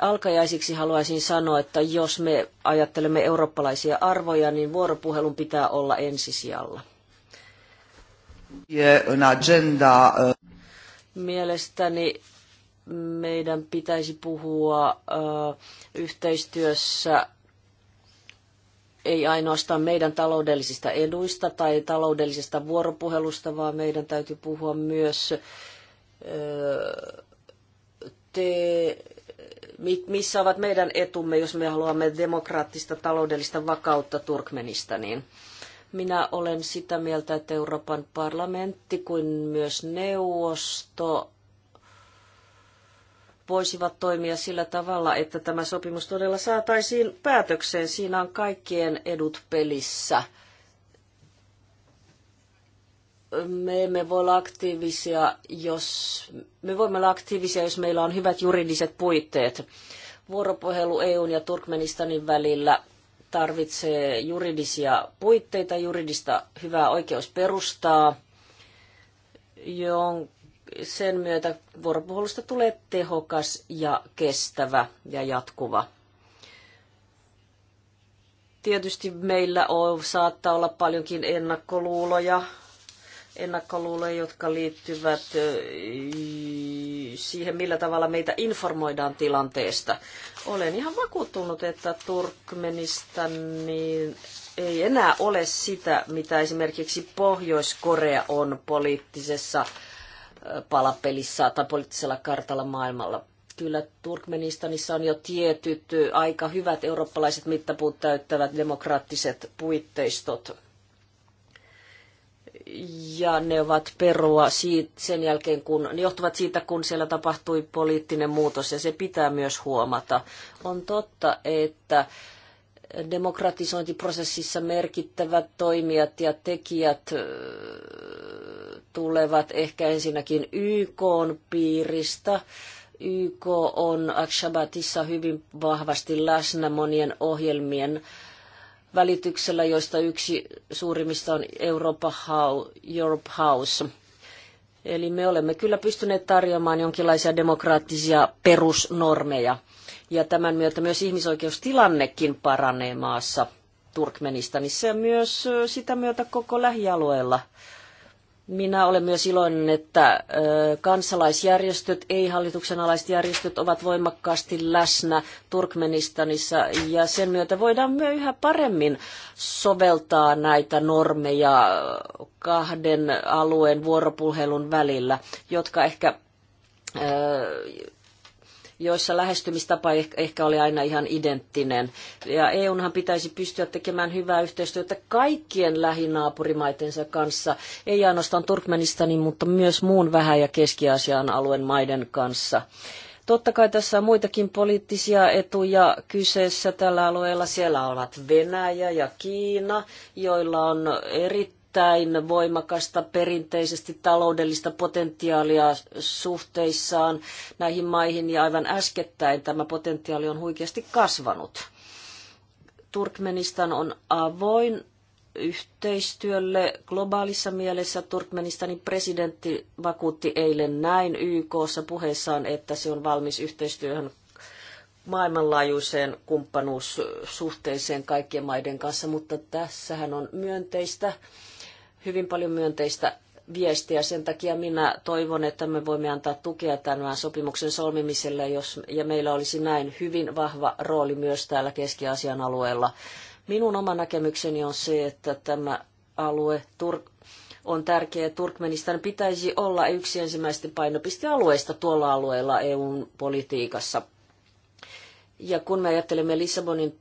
Alkajaisiksi haluaisin sanoa, että jos me ajattelemme eurooppalaisia arvoja, niin vuoropuhelun pitää olla ensisijalla. În agenda... Eh, Mielestäni meidän pitäisi puhua uh, yhteistyössä ei ainoastaan meidän taloudellisista eduista tai taloudellisesta vuoropuhelusta, vaan meidän täytyy puhua myös uh, te, missä ovat meidän etumme, jos me haluamme demokraattista taloudellista vakautta Turkmenistaniin. Minä olen sitä mieltä, että Euroopan parlamentti kuin myös neuvosto voisivat toimia sillä tavalla, että tämä sopimus todella saataisiin päätökseen. Siinä on kaikkien edut pelissä. Me emme voi olla aktiivisia, jos, me voimme olla aktiivisia, jos meillä on hyvät juridiset puitteet. Vuoropuhelu EUn ja Turkmenistanin välillä tarvitsee juridisia puitteita, juridista hyvää oikeusperustaa, jonka sen myötä vuoropuhelusta tulee tehokas ja kestävä ja jatkuva. Tietysti meillä on, saattaa olla paljonkin ennakkoluuloja, ennakkoluuloja, jotka liittyvät siihen, millä tavalla meitä informoidaan tilanteesta. Olen ihan vakuuttunut, että Turkmenistanin ei enää ole sitä, mitä esimerkiksi Pohjois-Korea on poliittisessa palapelissä tai poliittisella kartalla maailmalla. Kyllä Turkmenistanissa on jo tietyt aika hyvät eurooppalaiset mittapuut täyttävät demokraattiset puitteistot ja ne ovat perua siitä, sen jälkeen, kun ne johtuvat siitä, kun siellä tapahtui poliittinen muutos ja se pitää myös huomata. On totta, että demokratisointiprosessissa merkittävät toimijat ja tekijät tulevat ehkä ensinnäkin YK piiristä. YK on Akshabatissa hyvin vahvasti läsnä monien ohjelmien äh, välityksellä, joista yksi suurimmista on Europa Europe House. Eli me olemme kyllä pystyneet tarjoamaan jonkinlaisia demokraattisia perusnormeja. Ja tämän myötä myös ihmisoikeustilannekin paranee maassa Turkmenistanissa ja myös sitä myötä koko lähialueella minä olen myös iloinen, että kansalaisjärjestöt, ei-hallituksen alaiset järjestöt ovat voimakkaasti läsnä Turkmenistanissa ja sen myötä voidaan myös yhä paremmin soveltaa näitä normeja kahden alueen vuoropuhelun välillä, jotka ehkä joissa lähestymistapa eh-, ehkä oli aina ihan identtinen. Ja EUnhan pitäisi pystyä tekemään hyvää yhteistyötä kaikkien lähinaapurimaitensa kanssa, ei ainoastaan Turkmenistanin, mutta myös muun Vähä- ja Keski-Aasian alueen maiden kanssa. Totta kai tässä on muitakin poliittisia etuja kyseessä tällä alueella. Siellä ovat Venäjä ja Kiina, joilla on erittäin erittäin voimakasta perinteisesti taloudellista potentiaalia suhteissaan näihin maihin ja aivan äskettäin tämä potentiaali on huikeasti kasvanut. Turkmenistan on avoin yhteistyölle globaalissa mielessä. Turkmenistanin presidentti vakuutti eilen näin YKssa puheessaan, että se on valmis yhteistyöhön maailmanlaajuiseen kumppanuussuhteeseen kaikkien maiden kanssa, mutta tässähän on myönteistä hyvin paljon myönteistä viestiä. Sen takia minä toivon, että me voimme antaa tukea tämän sopimuksen solmimiselle, jos, ja meillä olisi näin hyvin vahva rooli myös täällä Keski-Aasian alueella. Minun oma näkemykseni on se, että tämä alue Tur- on tärkeä. Turkmenistan pitäisi olla yksi ensimmäisten painopistealueista tuolla alueella EUn politiikassa. Ja kun me ajattelemme Lissabonin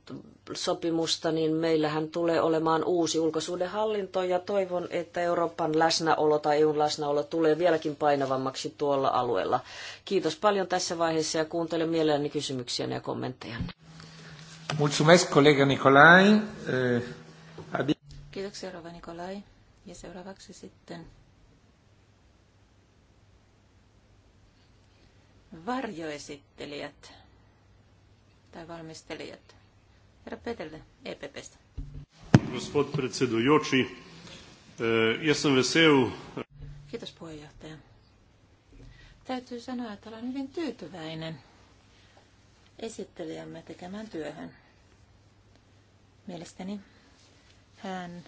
sopimusta, niin meillähän tulee olemaan uusi ulkosuhdehallinto ja toivon, että Euroopan läsnäolo tai EUn läsnäolo tulee vieläkin painavammaksi tuolla alueella. Kiitos paljon tässä vaiheessa ja kuuntelen mielelläni kysymyksiä ja kommenttejanne. Mulțumesc, kollega Nikolai. Eh, Kiitoksia, Rova Nikolai. Ja seuraavaksi sitten varjoesittelijät tai valmistelijat. Herra Petelle, EPPstä. Gospod predsedujoči, eh, jaz sem vesel. Kiitos puheenjohtaja. Täytyy sanoa, että olen hyvin tyytyväinen esittelijämme tekemään työhön. Mielestäni hän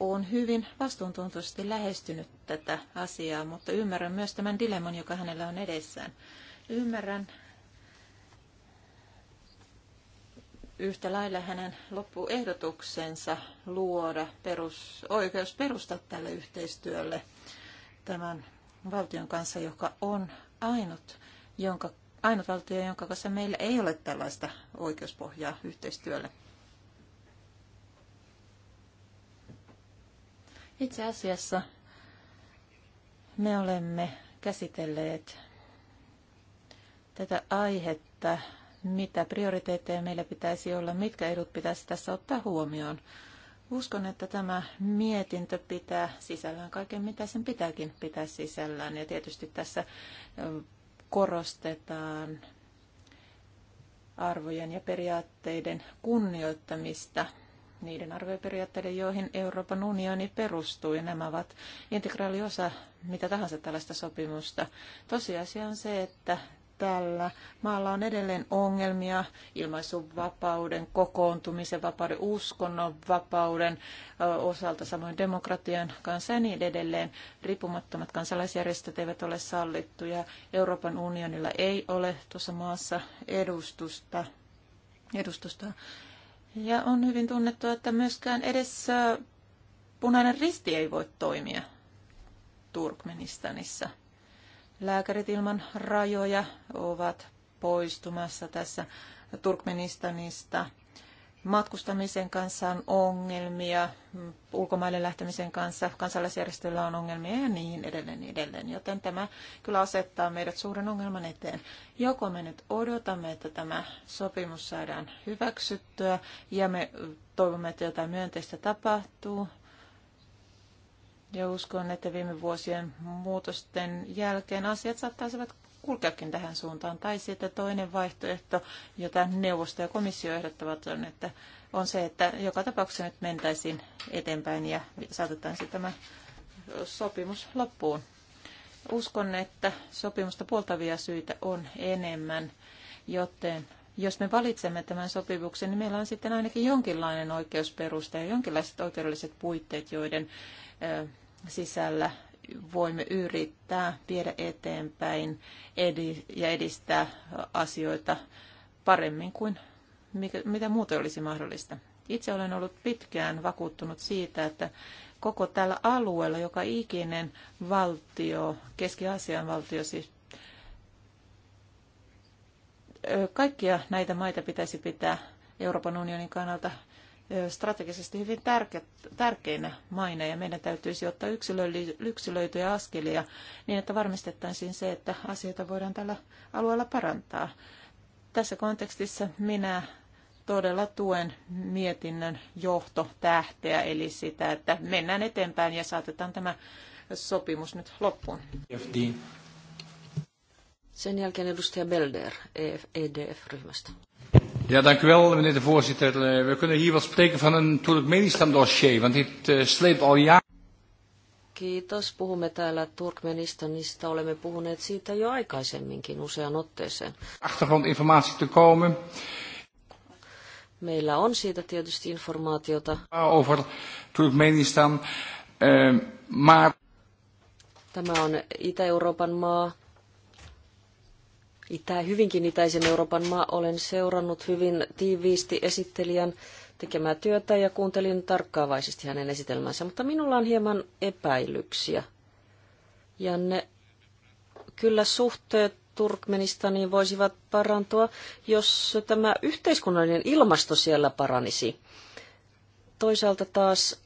on hyvin vastuuntuntoisesti lähestynyt tätä asiaa, mutta ymmärrän myös tämän dilemman, joka hänellä on edessään. Ymmärrän yhtä lailla hänen loppuehdotuksensa luoda perus, oikeus perustaa tälle yhteistyölle tämän valtion kanssa, joka on ainut, jonka, ainut valtio, jonka kanssa meillä ei ole tällaista oikeuspohjaa yhteistyölle. Itse asiassa me olemme käsitelleet tätä aihetta mitä prioriteetteja meillä pitäisi olla, mitkä edut pitäisi tässä ottaa huomioon. Uskon, että tämä mietintö pitää sisällään kaiken, mitä sen pitääkin pitää sisällään. Ja tietysti tässä korostetaan arvojen ja periaatteiden kunnioittamista, niiden arvojen periaatteiden, joihin Euroopan unioni perustuu, ja nämä ovat integraali osa mitä tahansa tällaista sopimusta. Tosiasia on se, että tällä maalla on edelleen ongelmia vapauden, kokoontumisen vapauden, uskonnon vapauden osalta, samoin demokratian kanssa ja niin edelleen. Riippumattomat kansalaisjärjestöt eivät ole sallittuja. Euroopan unionilla ei ole tuossa maassa edustusta. edustusta. Ja on hyvin tunnettu, että myöskään edes punainen risti ei voi toimia Turkmenistanissa – Lääkärit ilman rajoja ovat poistumassa tässä Turkmenistanista. Matkustamisen kanssa on ongelmia, ulkomaille lähtemisen kanssa kansalaisjärjestöillä on ongelmia ja niin edelleen, niin edelleen. Joten tämä kyllä asettaa meidät suuren ongelman eteen. Joko me nyt odotamme, että tämä sopimus saadaan hyväksyttyä ja me toivomme, että jotain myönteistä tapahtuu, ja uskon, että viime vuosien muutosten jälkeen asiat saattaisivat kulkeakin tähän suuntaan. Tai sitten toinen vaihtoehto, jota neuvosto ja komissio ehdottavat, on, että on se, että joka tapauksessa nyt mentäisiin eteenpäin ja saatetaan tämä sopimus loppuun. Uskon, että sopimusta puoltavia syitä on enemmän, joten jos me valitsemme tämän sopimuksen, niin meillä on sitten ainakin jonkinlainen oikeusperusta ja jonkinlaiset oikeudelliset puitteet, joiden sisällä voimme yrittää viedä eteenpäin ja edistää asioita paremmin kuin mikä, mitä muuten olisi mahdollista. Itse olen ollut pitkään vakuuttunut siitä, että koko tällä alueella joka ikinen valtio, Keski-Aasian valtio siis, kaikkia näitä maita pitäisi pitää Euroopan unionin kannalta strategisesti hyvin tärkeinä maina ja meidän täytyisi ottaa yksilöityjä askelia niin, että varmistettaisiin se, että asioita voidaan tällä alueella parantaa. Tässä kontekstissa minä todella tuen mietinnön johtotähteä, eli sitä, että mennään eteenpäin ja saatetaan tämä sopimus nyt loppuun. Sen jälkeen edustaja Belder EDF-ryhmästä. Ja, dank u wel, meneer de voorzitter. Eh, we kunnen hier wel spreken van een Turkmenistan-dossier, want dit eh, sleept al jaren. Kiitos. Puhumme täällä Turkmenistanista. Olemme puhuneet siitä jo aikaisemminkin usean otteeseen. Achtergrondinformatie te komen. Meillä on siitä tietysti informaatiota. Over Turkmenistan, uh, maar... Tämä on Itä-Euroopan maa, itä, hyvinkin itäisen Euroopan maa. Olen seurannut hyvin tiiviisti esittelijän tekemää työtä ja kuuntelin tarkkaavaisesti hänen esitelmänsä, mutta minulla on hieman epäilyksiä. Ja ne kyllä suhteet Turkmenistaniin voisivat parantua, jos tämä yhteiskunnallinen ilmasto siellä paranisi. Toisaalta taas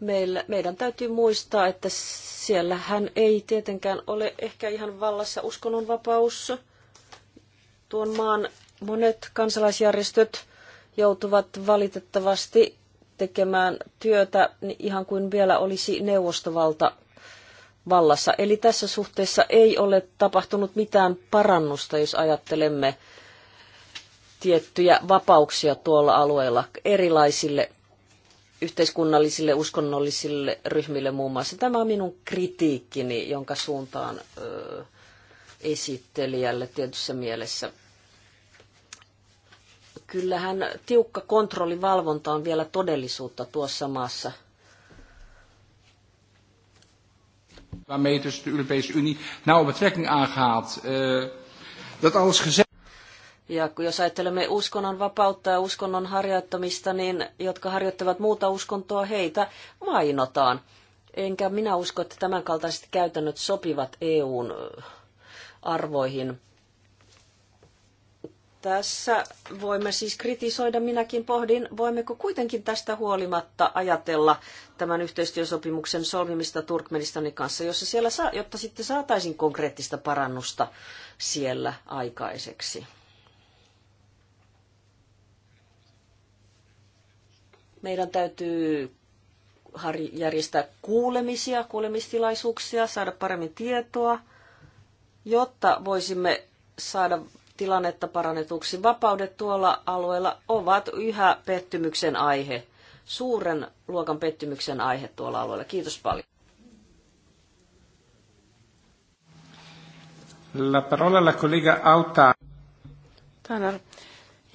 meillä, meidän täytyy muistaa, että siellä hän ei tietenkään ole ehkä ihan vallassa uskonnonvapaus. Tuon maan monet kansalaisjärjestöt joutuvat valitettavasti tekemään työtä niin ihan kuin vielä olisi neuvostovalta vallassa. Eli tässä suhteessa ei ole tapahtunut mitään parannusta, jos ajattelemme tiettyjä vapauksia tuolla alueella erilaisille yhteiskunnallisille, uskonnollisille ryhmille muun muassa. Tämä on minun kritiikkini, jonka suuntaan ö, esittelijälle tietyssä mielessä. Kyllähän tiukka kontrollivalvonta on vielä todellisuutta tuossa maassa. Waarmee dus de Europese Unie nauwe betrekking aangaat. Uh, dat alles gezegd. Ja jos ajattelemme uskonnon vapautta ja uskonnon harjoittamista, niin jotka harjoittavat muuta uskontoa, heitä vainotaan. Enkä minä usko, että tämänkaltaiset käytännöt sopivat EUn äh, arvoihin. Tässä voimme siis kritisoida, minäkin pohdin, voimmeko kuitenkin tästä huolimatta ajatella tämän yhteistyösopimuksen solmimista Turkmenistanin kanssa, jossa siellä, jotta sitten saataisiin konkreettista parannusta siellä aikaiseksi. Meidän täytyy järjestää kuulemisia, kuulemistilaisuuksia, saada paremmin tietoa, jotta voisimme saada tilannetta parannetuksi. Vapaudet tuolla alueella ovat yhä pettymyksen aihe, suuren luokan pettymyksen aihe tuolla alueella. Kiitos paljon. La parola la collega Tänään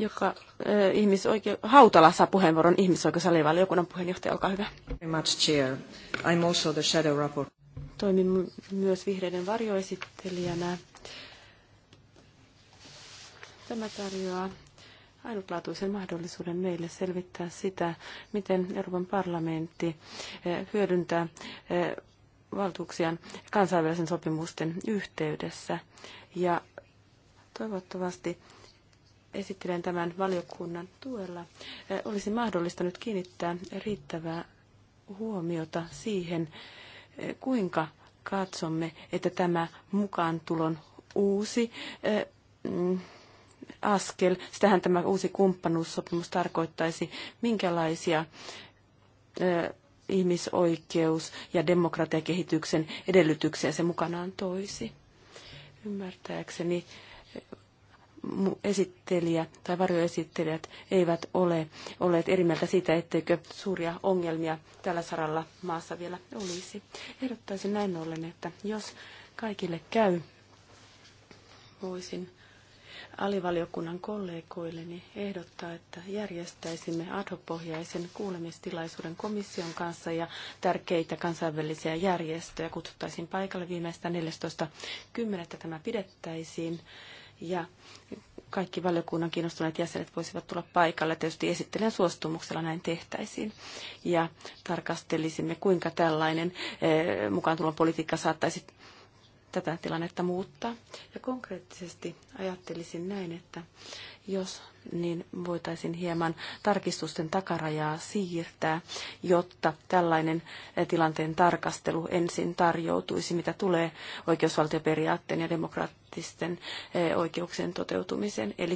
joka äh, ihmisoikeu- Hautala saa puheenvuoron ihmisoikeusalivaliokunnan puheenjohtaja, olkaa hyvä. much, Chair. I'm also the shadow Toimin myös vihreiden varjoesittelijänä. Tämä tarjoaa ainutlaatuisen mahdollisuuden meille selvittää sitä, miten Euroopan parlamentti hyödyntää valtuuksiaan kansainvälisen sopimusten yhteydessä. Ja toivottavasti esittelen tämän valiokunnan tuella, olisi mahdollista nyt kiinnittää riittävää huomiota siihen, kuinka katsomme, että tämä mukaantulon uusi mm, askel, sitähän tämä uusi kumppanuussopimus tarkoittaisi, minkälaisia ihmisoikeus- ja demokratiakehityksen edellytyksiä se mukanaan toisi. Ymmärtääkseni esittelijä tai varjoesittelijät eivät ole olleet eri mieltä siitä, etteikö suuria ongelmia tällä saralla maassa vielä olisi. Ehdottaisin näin ollen, että jos kaikille käy, voisin alivaliokunnan kollegoilleni niin ehdottaa, että järjestäisimme adhopohjaisen kuulemistilaisuuden komission kanssa ja tärkeitä kansainvälisiä järjestöjä kutsuttaisiin paikalle viimeistään 14.10. Tämä pidettäisiin ja kaikki valiokunnan kiinnostuneet jäsenet voisivat tulla paikalle. Tietysti esittelijän suostumuksella näin tehtäisiin. Ja tarkastelisimme, kuinka tällainen eh, mukaan tulon politiikka saattaisi tätä tilannetta muuttaa. Ja konkreettisesti ajattelisin näin, että jos niin voitaisiin hieman tarkistusten takarajaa siirtää, jotta tällainen eh, tilanteen tarkastelu ensin tarjoutuisi, mitä tulee oikeusvaltioperiaatteen ja demokraattisten eh, oikeuksien toteutumiseen. Eli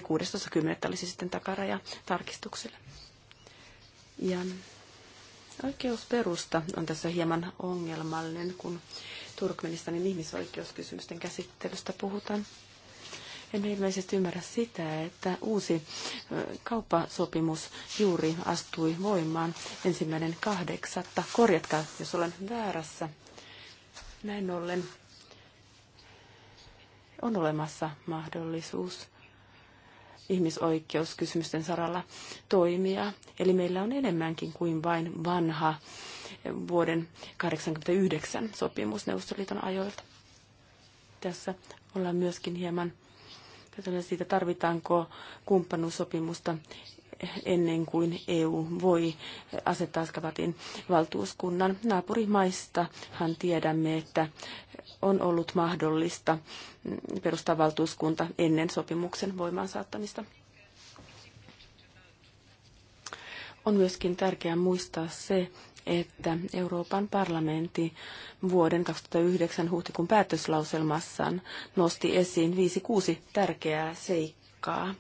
16.10. olisi sitten takaraja tarkistukselle. Ja oikeusperusta on tässä hieman ongelmallinen, kun Turkmenistanin ihmisoikeuskysymysten käsittelystä puhutaan. En ilmeisesti ymmärrä sitä, että uusi kauppasopimus juuri astui voimaan ensimmäinen kahdeksatta. Korjatkaa, jos olen väärässä. Näin ollen on olemassa mahdollisuus ihmisoikeuskysymysten saralla toimia. Eli meillä on enemmänkin kuin vain vanha vuoden 1989 sopimus Neuvostoliiton ajoilta. Tässä ollaan myöskin hieman siitä, tarvitaanko kumppanuussopimusta ennen kuin EU voi asettaa Askabatin valtuuskunnan. Naapurimaistahan tiedämme, että on ollut mahdollista perustaa valtuuskunta ennen sopimuksen voimaan saattamista. On myöskin tärkeää muistaa se, että Euroopan parlamentti vuoden 2009 huhtikuun päätöslauselmassaan nosti esiin 5-6 tärkeää seikkaa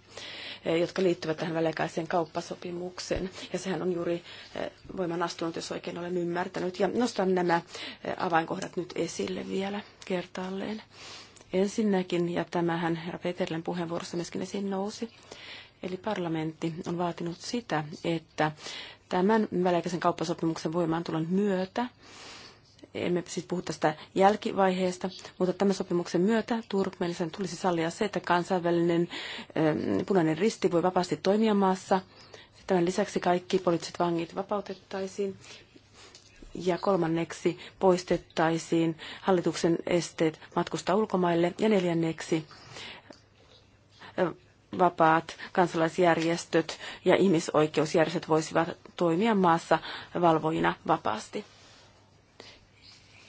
eh, jotka liittyvät tähän väliaikaiseen kauppasopimukseen. Ja sehän on juuri eh, voiman astunut, jos oikein olen ymmärtänyt. Ja nostan nämä eh, avainkohdat nyt esille vielä kertaalleen. Ensinnäkin, ja tämähän herra Peterlen puheenvuorossa myöskin esiin nousi, Eli parlamentti on vaatinut sitä, että tämän väliaikaisen kauppasopimuksen voimaantulon myötä emme siis puhu tästä jälkivaiheesta, mutta tämän sopimuksen myötä Turkmenistan tulisi sallia se, että kansainvälinen ähm, punainen risti voi vapaasti toimia maassa. Tämän lisäksi kaikki poliittiset vangit vapautettaisiin ja kolmanneksi poistettaisiin hallituksen esteet matkusta ulkomaille ja neljänneksi äh, vapaat kansalaisjärjestöt ja ihmisoikeusjärjestöt voisivat toimia maassa valvojina vapaasti.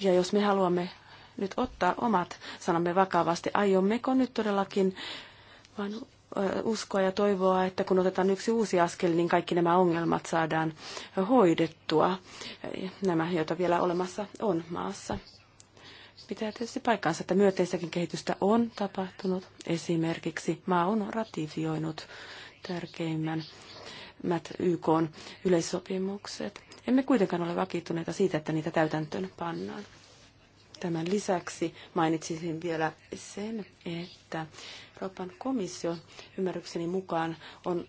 Ja jos me haluamme nyt ottaa omat sanamme vakavasti, aiommeko nyt todellakin vain uskoa ja toivoa, että kun otetaan yksi uusi askel, niin kaikki nämä ongelmat saadaan hoidettua, nämä, joita vielä olemassa on maassa. Pitää tietysti paikkaansa, että myönteistäkin kehitystä on tapahtunut. Esimerkiksi maa on ratifioinut tärkeimmän mät YK yleissopimukset. Emme kuitenkaan ole vakiintuneita siitä, että niitä täytäntöön pannaan. Tämän lisäksi mainitsisin vielä sen, että Euroopan komissio ymmärrykseni mukaan on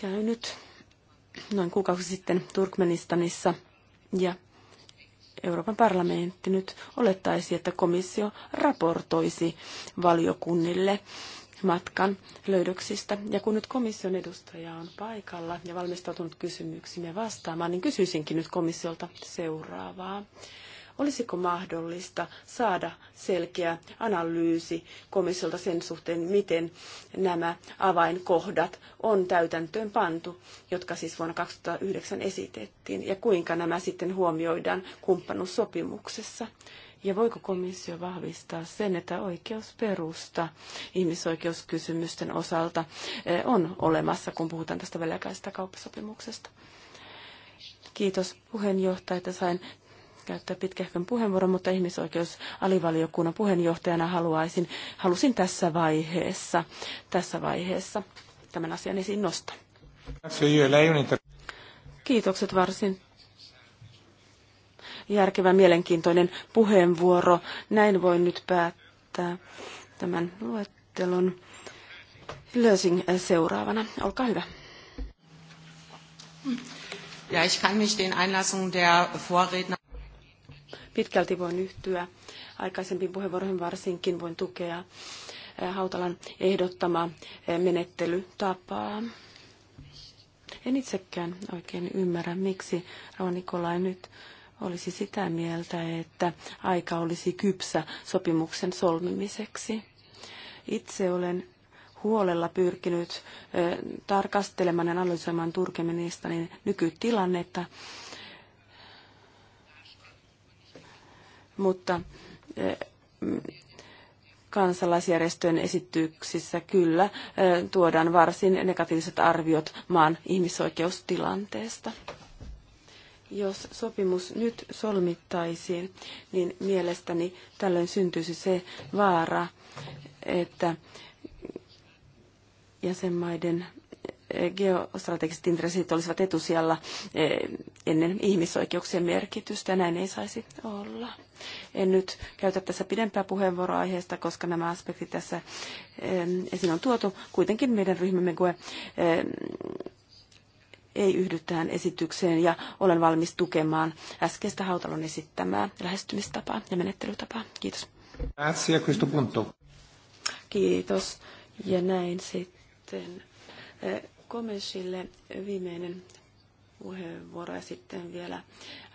käynyt noin kuukausi sitten Turkmenistanissa ja Euroopan parlamentti nyt olettaisi, että komissio raportoisi valiokunnille matkan löydöksistä. Ja kun nyt komission edustaja on paikalla ja valmistautunut kysymyksiin ja vastaamaan, niin kysyisinkin nyt komissiolta seuraavaa. Olisiko mahdollista saada selkeä analyysi komissiolta sen suhteen, miten nämä avainkohdat on täytäntöön pantu, jotka siis vuonna 2009 esitettiin, ja kuinka nämä sitten huomioidaan kumppanuussopimuksessa? Ja voiko komissio vahvistaa sen, että oikeusperusta ihmisoikeuskysymysten osalta eh, on olemassa, kun puhutaan tästä väliaikaisesta kauppasopimuksesta? Kiitos puheenjohtaja, että sain käyttää pitkähkön puheenvuoron, mutta ihmisoikeusalivaliokunnan puheenjohtajana haluaisin, halusin tässä vaiheessa, tässä vaiheessa tämän asian esiin nostaa. Kiitokset varsin järkevä, mielenkiintoinen puheenvuoro. Näin voin nyt päättää tämän luettelon. löysin äh, seuraavana. Olkaa hyvä. Ja, ich kann mich den Einlassungen der Vorredner Pitkälti voin yhtyä aikaisempiin puheenvuoroihin varsinkin voin tukea Hautalan ehdottama menettelytapaa. En itsekään oikein ymmärrä, miksi Rauha Nikolai nyt olisi sitä mieltä, että aika olisi kypsä sopimuksen solmimiseksi. Itse olen huolella pyrkinyt tarkastelemaan ja analysoimaan Turkmenistanin nykytilannetta mutta eh, mm, kansalaisjärjestöjen esityksissä kyllä eh, tuodaan varsin negatiiviset arviot maan ihmisoikeustilanteesta. Jos sopimus nyt solmittaisiin, niin mielestäni tällöin syntyisi se vaara, että jäsenmaiden geostrategiset intressit olisivat etusijalla eh, ennen ihmisoikeuksien merkitystä. Näin ei saisi olla. En nyt käytä tässä pidempää puheenvuoroa aiheesta, koska nämä aspektit tässä eh, esiin on tuotu. Kuitenkin meidän ryhmämme koe eh, ei yhdy tähän esitykseen ja olen valmis tukemaan äskeistä Hautalon esittämää lähestymistapaa ja menettelytapaa. Kiitos. Grazie a questo punto. Kiitos. Ja näin sitten Gomesille viimeinen puheenvuoro ja sitten vielä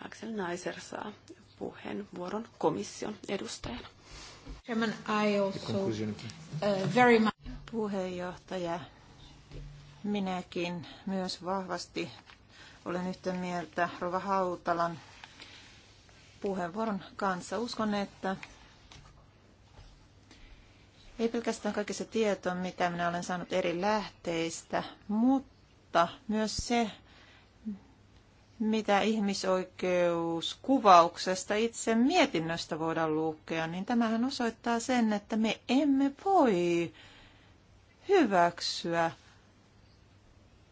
Axel Naiser saa puheenvuoron komission edustajana. Chairman, I also, uh, very much... Puheenjohtaja, minäkin myös vahvasti olen yhtä mieltä Rova Hautalan puheenvuoron kanssa. Uskon, että ei pelkästään kaikki se tieto, mitä minä olen saanut eri lähteistä, mutta myös se, mitä ihmisoikeuskuvauksesta itse mietinnöstä voidaan lukea, niin tämähän osoittaa sen, että me emme voi hyväksyä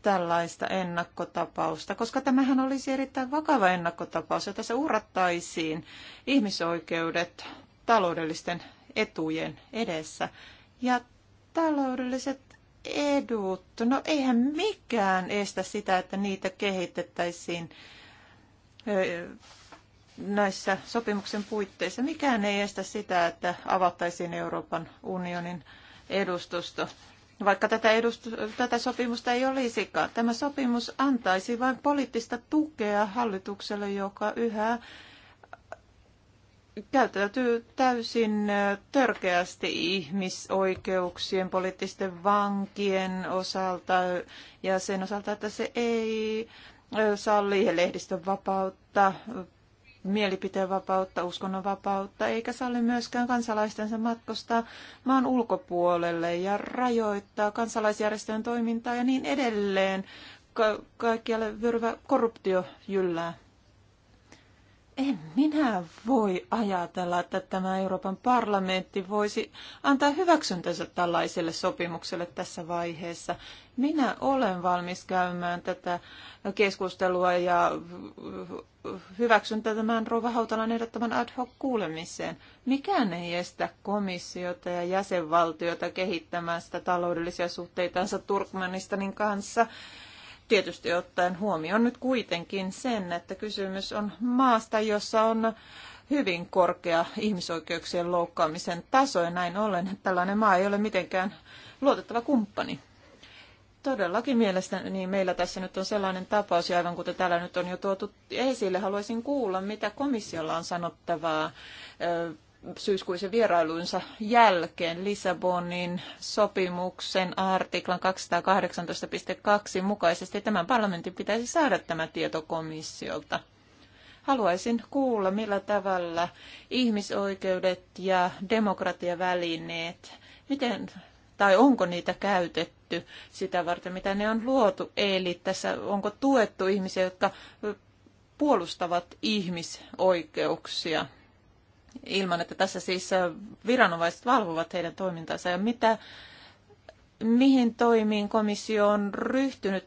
tällaista ennakkotapausta, koska tämähän olisi erittäin vakava ennakkotapaus, jota se urattaisiin ihmisoikeudet taloudellisten etujen edessä. Ja taloudelliset edut, no eihän mikään estä sitä, että niitä kehitettäisiin näissä sopimuksen puitteissa. Mikään ei estä sitä, että avattaisiin Euroopan unionin edustusto vaikka tätä, edustu- tätä sopimusta ei olisikaan. Tämä sopimus antaisi vain poliittista tukea hallitukselle, joka yhä käyttäytyy täysin törkeästi ihmisoikeuksien, poliittisten vankien osalta ja sen osalta, että se ei salli lehdistön vapautta, mielipiteen vapautta, uskonnon vapautta, eikä salli myöskään kansalaistensa matkosta maan ulkopuolelle ja rajoittaa kansalaisjärjestöjen toimintaa ja niin edelleen. Ka- kaikkialle vyöryvä korruptio jyllää. En minä voi ajatella, että tämä Euroopan parlamentti voisi antaa hyväksyntänsä tällaiselle sopimukselle tässä vaiheessa. Minä olen valmis käymään tätä keskustelua ja hyväksyntä tämän Rova Hautalan ehdottoman ad hoc kuulemiseen. Mikään ei estä komissiota ja jäsenvaltiota kehittämästä taloudellisia suhteitansa Turkmenistanin kanssa tietysti ottaen huomioon nyt kuitenkin sen, että kysymys on maasta, jossa on hyvin korkea ihmisoikeuksien loukkaamisen taso ja näin ollen tällainen maa ei ole mitenkään luotettava kumppani. Todellakin mielestäni niin meillä tässä nyt on sellainen tapaus, ja aivan kuten täällä nyt on jo tuotu esille, haluaisin kuulla, mitä komissiolla on sanottavaa syyskuisen vierailunsa jälkeen Lissabonin sopimuksen artiklan 218.2 mukaisesti tämän parlamentin pitäisi saada tämä tieto komissiolta. Haluaisin kuulla, millä tavalla ihmisoikeudet ja demokratiavälineet, miten tai onko niitä käytetty sitä varten, mitä ne on luotu. Eli tässä onko tuettu ihmisiä, jotka puolustavat ihmisoikeuksia ilman, että tässä siis äh, viranomaiset valvovat heidän toimintansa. Ja mitä, mihin toimiin komissio on ryhtynyt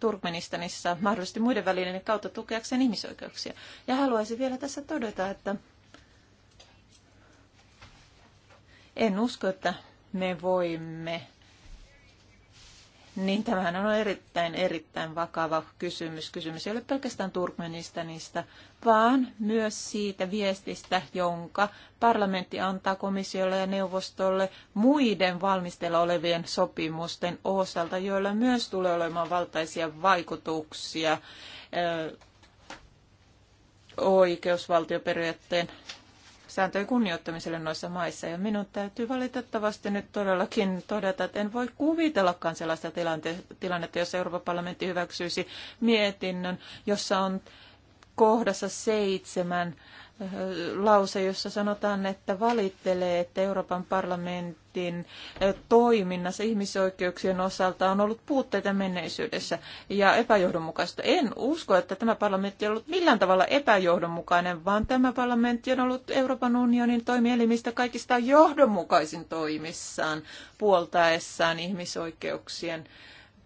Turkmenistanissa mahdollisesti muiden välineiden kautta tukeakseen ihmisoikeuksia? Ja haluaisin vielä tässä todeta, että en usko, että me voimme niin tämähän on erittäin, erittäin vakava kysymys. Kysymys ei ole pelkästään Turkmenistanista, vaan myös siitä viestistä, jonka parlamentti antaa komissiolle ja neuvostolle muiden valmistella olevien sopimusten osalta, joilla myös tulee olemaan valtaisia vaikutuksia oikeusvaltioperiaatteen sääntöjen kunnioittamiselle noissa maissa. Ja minun täytyy valitettavasti nyt todellakin todeta, että en voi kuvitellakaan sellaista tilannetta, jos Euroopan parlamentti hyväksyisi mietinnön, jossa on kohdassa seitsemän lause, jossa sanotaan, että valittelee, että Euroopan parlamentin toiminnassa ihmisoikeuksien osalta on ollut puutteita menneisyydessä ja epäjohdonmukaista. En usko, että tämä parlamentti on ollut millään tavalla epäjohdonmukainen, vaan tämä parlamentti on ollut Euroopan unionin toimielimistä kaikista johdonmukaisin toimissaan puoltaessaan ihmisoikeuksien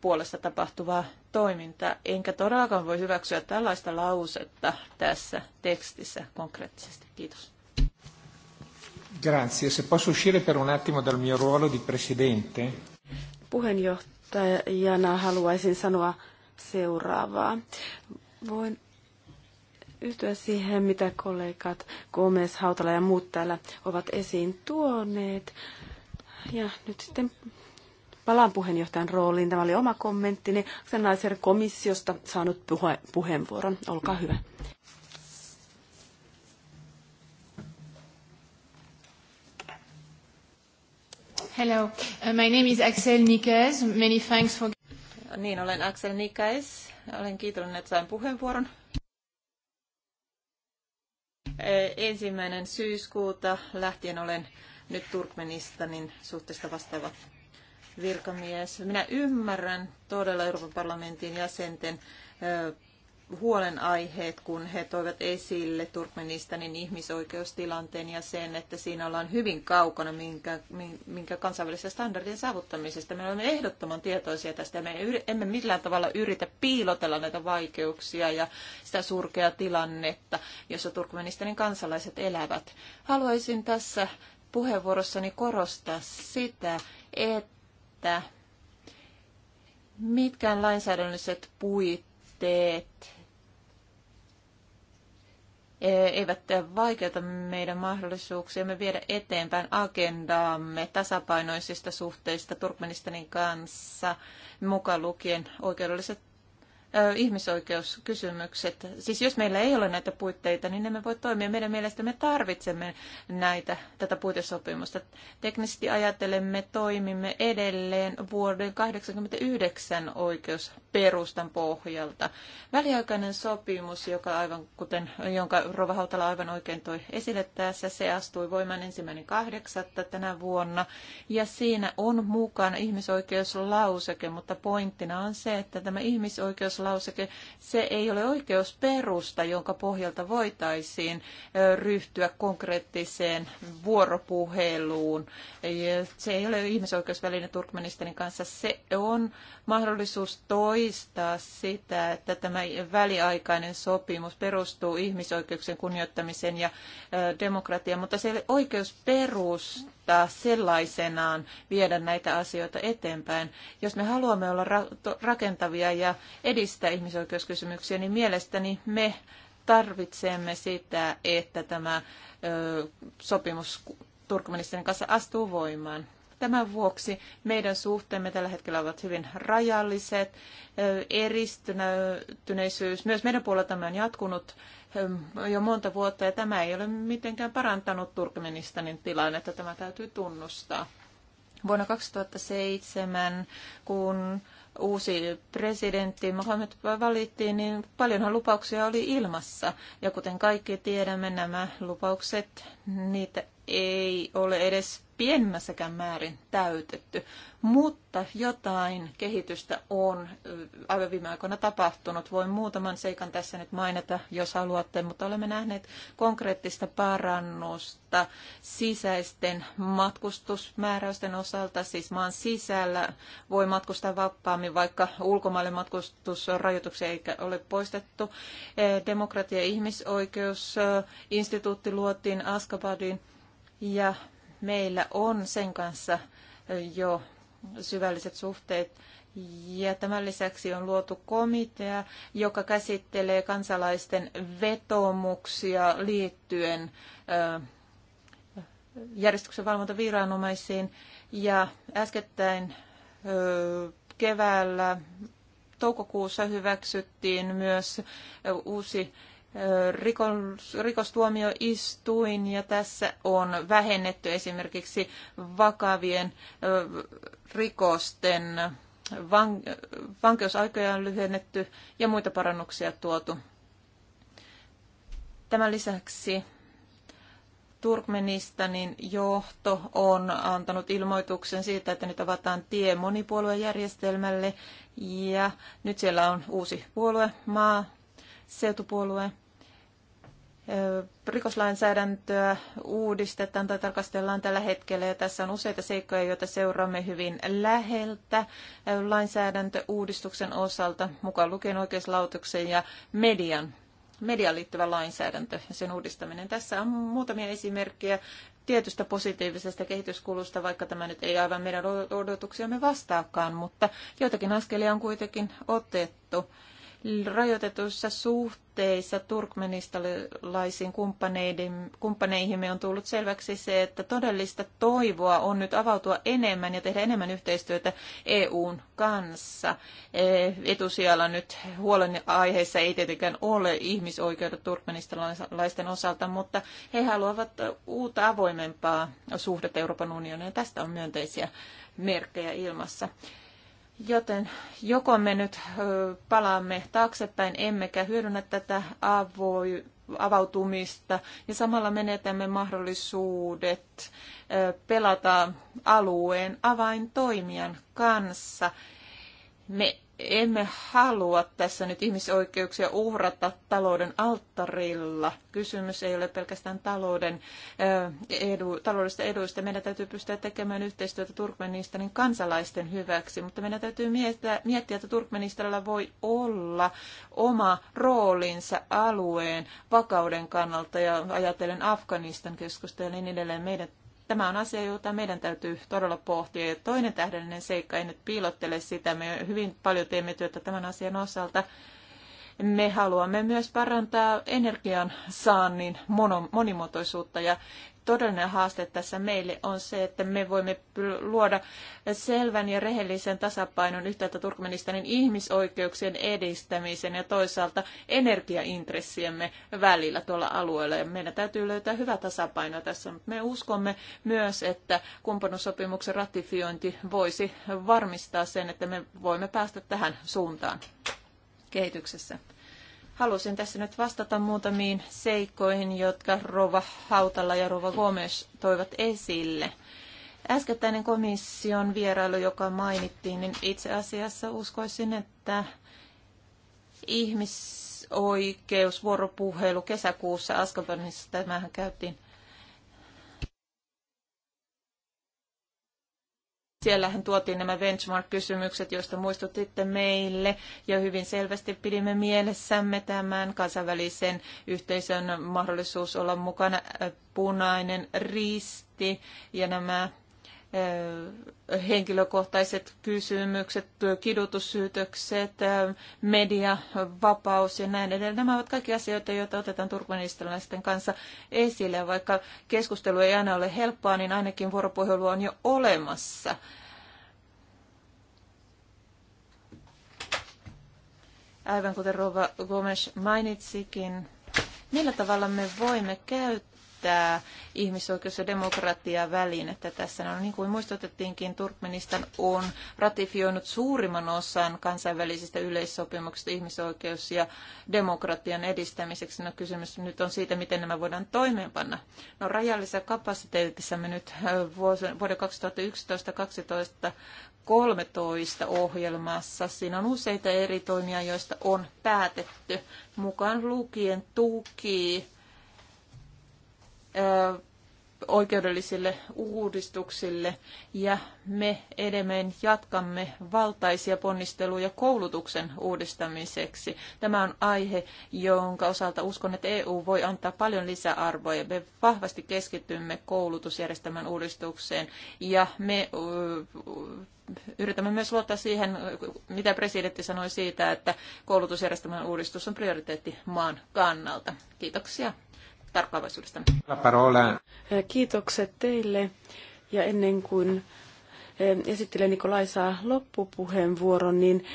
puolesta tapahtuvaa toimintaa, enkä todellakaan voi hyväksyä tällaista lausetta tässä tekstissä konkreettisesti. Kiitos. Grazie. Se posso uscire per un attimo dal mio ruolo di presidente? Puheenjohtajana haluaisin sanoa seuraavaa. Voin yhtyä siihen, mitä kollegat Gomez, Hautala ja muut täällä ovat esiin tuoneet. Ja nyt sitten Palaan puheenjohtajan rooliin. Tämä oli oma kommenttini. Sennaiser komissiosta saanut puhe- puheenvuoron. Olkaa hyvä. Hello, uh, my name is Axel Nikes. Many thanks for... Niin, olen Axel Nikes. Olen kiitollinen, että sain puheenvuoron. Uh, ensimmäinen syyskuuta lähtien olen nyt Turkmenistanin suhteesta vastaava virkamies. Minä ymmärrän todella Euroopan parlamentin jäsenten huolenaiheet, kun he toivat esille Turkmenistanin ihmisoikeustilanteen ja sen, että siinä ollaan hyvin kaukana minkä, minkä standardien saavuttamisesta. Me olemme ehdottoman tietoisia tästä ja me emme millään tavalla yritä piilotella näitä vaikeuksia ja sitä surkeaa tilannetta, jossa Turkmenistanin kansalaiset elävät. Haluaisin tässä puheenvuorossani korostaa sitä, että että mitkä lainsäädännölliset puitteet e, eivät vaikeuta meidän mahdollisuuksiamme viedä eteenpäin agendaamme tasapainoisista suhteista Turkmenistanin kanssa, mukaan lukien oikeudelliset ihmisoikeuskysymykset. Siis jos meillä ei ole näitä puitteita, niin emme voi toimia. Meidän mielestä me tarvitsemme näitä, tätä puitesopimusta. Teknisesti ajattelemme, toimimme edelleen vuoden 1989 oikeusperustan pohjalta. Väliaikainen sopimus, joka aivan kuten, jonka Rova Hautala aivan oikein toi esille tässä, se astui voimaan ensimmäinen kahdeksatta tänä vuonna. Ja siinä on mukana ihmisoikeuslauseke, mutta pointtina on se, että tämä ihmisoikeus Lauseke se ei ole oikeusperusta, jonka pohjalta voitaisiin ryhtyä konkreettiseen vuoropuheluun. Se ei ole ihmisoikeusväline Turkmenistanin kanssa. Se on mahdollisuus toistaa sitä, että tämä väliaikainen sopimus perustuu ihmisoikeuksien kunnioittamiseen ja demokratiaan, mutta se ei ole oikeusperusta kannattaa sellaisenaan viedä näitä asioita eteenpäin. Jos me haluamme olla rakentavia ja edistää ihmisoikeuskysymyksiä, niin mielestäni me tarvitsemme sitä, että tämä sopimus Turkmenistanin kanssa astuu voimaan. Tämän vuoksi meidän suhteemme tällä hetkellä ovat hyvin rajalliset, eristyneisyys. Myös meidän puoleltamme on jatkunut jo monta vuotta ja tämä ei ole mitenkään parantanut Turkmenistanin tilannetta, tämä täytyy tunnustaa. Vuonna 2007, kun uusi presidentti Mohamed valittiin, niin paljonhan lupauksia oli ilmassa. Ja kuten kaikki tiedämme, nämä lupaukset, niitä ei ole edes pienemmässäkään määrin täytetty, mutta jotain kehitystä on aivan viime aikoina tapahtunut. Voin muutaman seikan tässä nyt mainita, jos haluatte, mutta olemme nähneet konkreettista parannusta sisäisten matkustusmääräysten osalta, siis maan sisällä voi matkustaa vapaammin, vaikka ulkomaille matkustusrajoituksia ei ole poistettu. Eh, demokratia- ja ihmisoikeusinstituutti luotiin Askabadin ja meillä on sen kanssa jo syvälliset suhteet. Ja tämän lisäksi on luotu komitea, joka käsittelee kansalaisten vetomuksia liittyen järjestyksen valvontaviranomaisiin. Ja äskettäin keväällä toukokuussa hyväksyttiin myös uusi rikos, rikostuomioistuin ja tässä on vähennetty esimerkiksi vakavien rikosten van, vankeusaikoja on lyhennetty ja muita parannuksia tuotu. Tämän lisäksi Turkmenistanin johto on antanut ilmoituksen siitä, että nyt avataan tie monipuoluejärjestelmälle ja nyt siellä on uusi puolue, maa, seutupuolue rikoslainsäädäntöä uudistetaan tai tarkastellaan tällä hetkellä ja tässä on useita seikkoja, joita seuraamme hyvin läheltä lainsäädäntöuudistuksen osalta, mukaan lukien oikeuslautuksen ja median median liittyvä lainsäädäntö ja sen uudistaminen. Tässä on muutamia esimerkkejä tietystä positiivisesta kehityskulusta, vaikka tämä nyt ei aivan meidän odotuksiamme vastaakaan, mutta joitakin askelia on kuitenkin otettu rajoitetuissa suhteissa turkmenistalaisiin kumppaneihimme on tullut selväksi se, että todellista toivoa on nyt avautua enemmän ja tehdä enemmän yhteistyötä EUn kanssa. E, etusijalla nyt huolen aiheessa ei tietenkään ole ihmisoikeudet turkmenistalaisten osalta, mutta he haluavat uutta avoimempaa suhdetta Euroopan unioniin ja tästä on myönteisiä merkkejä ilmassa. Joten joko me nyt palaamme taaksepäin, emmekä hyödynnä tätä avautumista ja samalla menetämme mahdollisuudet pelata alueen avaintoimijan kanssa. Me emme halua tässä nyt ihmisoikeuksia uhrata talouden alttarilla. Kysymys ei ole pelkästään talouden edu, taloudellisista eduista. Meidän täytyy pystyä tekemään yhteistyötä Turkmenistanin kansalaisten hyväksi, mutta meidän täytyy miettiä, miettiä että Turkmenistanilla voi olla oma roolinsa alueen vakauden kannalta ja ajatellen Afganistan keskustelua niin edelleen. Meidän Tämä on asia, jota meidän täytyy todella pohtia. Ja toinen tähdellinen seikka, ei nyt piilottele sitä, me hyvin paljon teemme työtä tämän asian osalta, me haluamme myös parantaa energian saannin monimuotoisuutta ja todellinen haaste tässä meille on se, että me voimme luoda selvän ja rehellisen tasapainon yhtäältä Turkmenistanin ihmisoikeuksien edistämisen ja toisaalta energiaintressiemme välillä tuolla alueella. Ja meidän täytyy löytää hyvä tasapaino tässä. Me uskomme myös, että kumppanuussopimuksen ratifiointi voisi varmistaa sen, että me voimme päästä tähän suuntaan kehityksessä. Halusin tässä nyt vastata muutamiin seikkoihin, jotka Rova Hautala ja Rova Gomes toivat esille. Äskettäinen komission vierailu, joka mainittiin, niin itse asiassa uskoisin, että ihmisoikeusvuoropuhelu kesäkuussa Askabanissa, tämähän käytiin Siellähän tuotiin nämä benchmark-kysymykset, joista muistutitte meille, ja hyvin selvästi pidimme mielessämme tämän kansainvälisen yhteisön mahdollisuus olla mukana äh, punainen risti ja nämä henkilökohtaiset kysymykset, kidutussyytökset, media, vapaus ja näin edelleen. Nämä ovat kaikki asioita, joita otetaan turkmenistalaisten kanssa esille. Vaikka keskustelu ei aina ole helppoa, niin ainakin vuoropuhelu on jo olemassa. Aivan kuten Rova Gomes mainitsikin, millä tavalla me voimme käyttää käyttää ihmisoikeus- ja että tässä. on niin kuin muistutettiinkin, Turkmenistan on ratifioinut suurimman osan kansainvälisistä yleissopimuksista ihmisoikeus- ja demokratian edistämiseksi. No, kysymys nyt on siitä, miten nämä voidaan toimeenpanna. No, rajallisessa me nyt vuoden 2011-2012 13 ohjelmassa. Siinä on useita eri toimia, joista on päätetty, mukaan lukien tuki oikeudellisille uudistuksille ja me edelleen jatkamme valtaisia ponnisteluja koulutuksen uudistamiseksi. Tämä on aihe, jonka osalta uskon, että EU voi antaa paljon lisäarvoa ja me vahvasti keskitymme koulutusjärjestelmän uudistukseen ja me yritämme myös luottaa siihen, mitä presidentti sanoi siitä, että koulutusjärjestelmän uudistus on prioriteetti maan kannalta. Kiitoksia tarkkaavaisuudesta. Kiitokset teille. Ja ennen kuin esittelen Nikolai saa loppupuheenvuoron, niin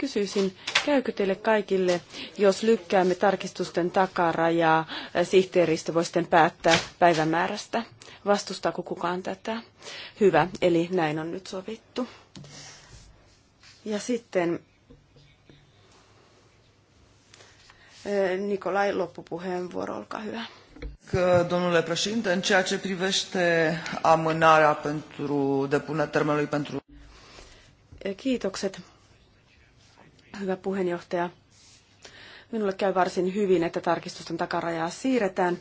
kysyisin, käykö teille kaikille, jos lykkäämme tarkistusten takarajaa, sihteeristö voi sitten päättää päivämäärästä? Vastustaako kukaan tätä? Hyvä, eli näin on nyt sovittu. Ja sitten Eh, Nikolai, loppupuheenvuoro, olkaa hyvä. Domnule președinte, în ceea ce privește amânarea pentru depunerea termenului pentru... Eh, kiitokset, hyvä puheenjohtaja. Minulle käy varsin hyvin, että tarkistusten takarajaa siirretään.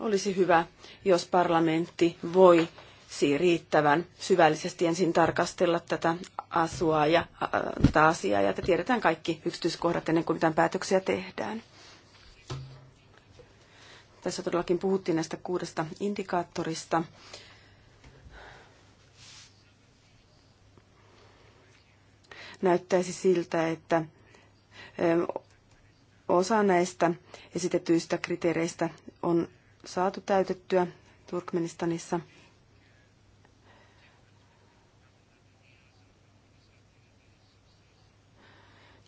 Olisi hyvä, jos parlamentti voi si riittävän syvällisesti ensin tarkastella tätä asua ja, ä, tätä asiaa ja että tiedetään kaikki yksityiskohdat ennen kuin mitään päätöksiä tehdään. Tässä todellakin puhuttiin näistä kuudesta indikaattorista. Näyttäisi siltä, että osa näistä esitetyistä kriteereistä on saatu täytettyä Turkmenistanissa –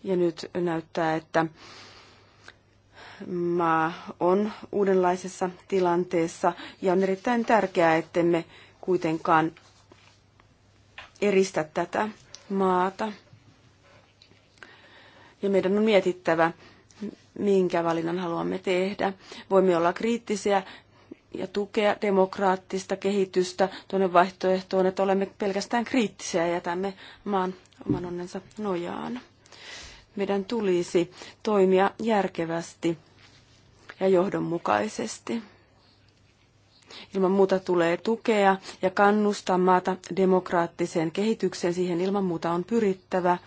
Ja nyt näyttää, että maa on uudenlaisessa tilanteessa ja on erittäin tärkeää, ettemme kuitenkaan eristä tätä maata. Ja meidän on mietittävä, minkä valinnan haluamme tehdä. Voimme olla kriittisiä ja tukea demokraattista kehitystä tuonne vaihtoehtoon, että olemme pelkästään kriittisiä ja jätämme maan oman onnensa nojaan meidän tulisi toimia järkevästi ja johdonmukaisesti. Ilman muuta tulee tukea ja kannustaa maata demokraattiseen kehitykseen. Siihen ilman muuta on pyrittävä.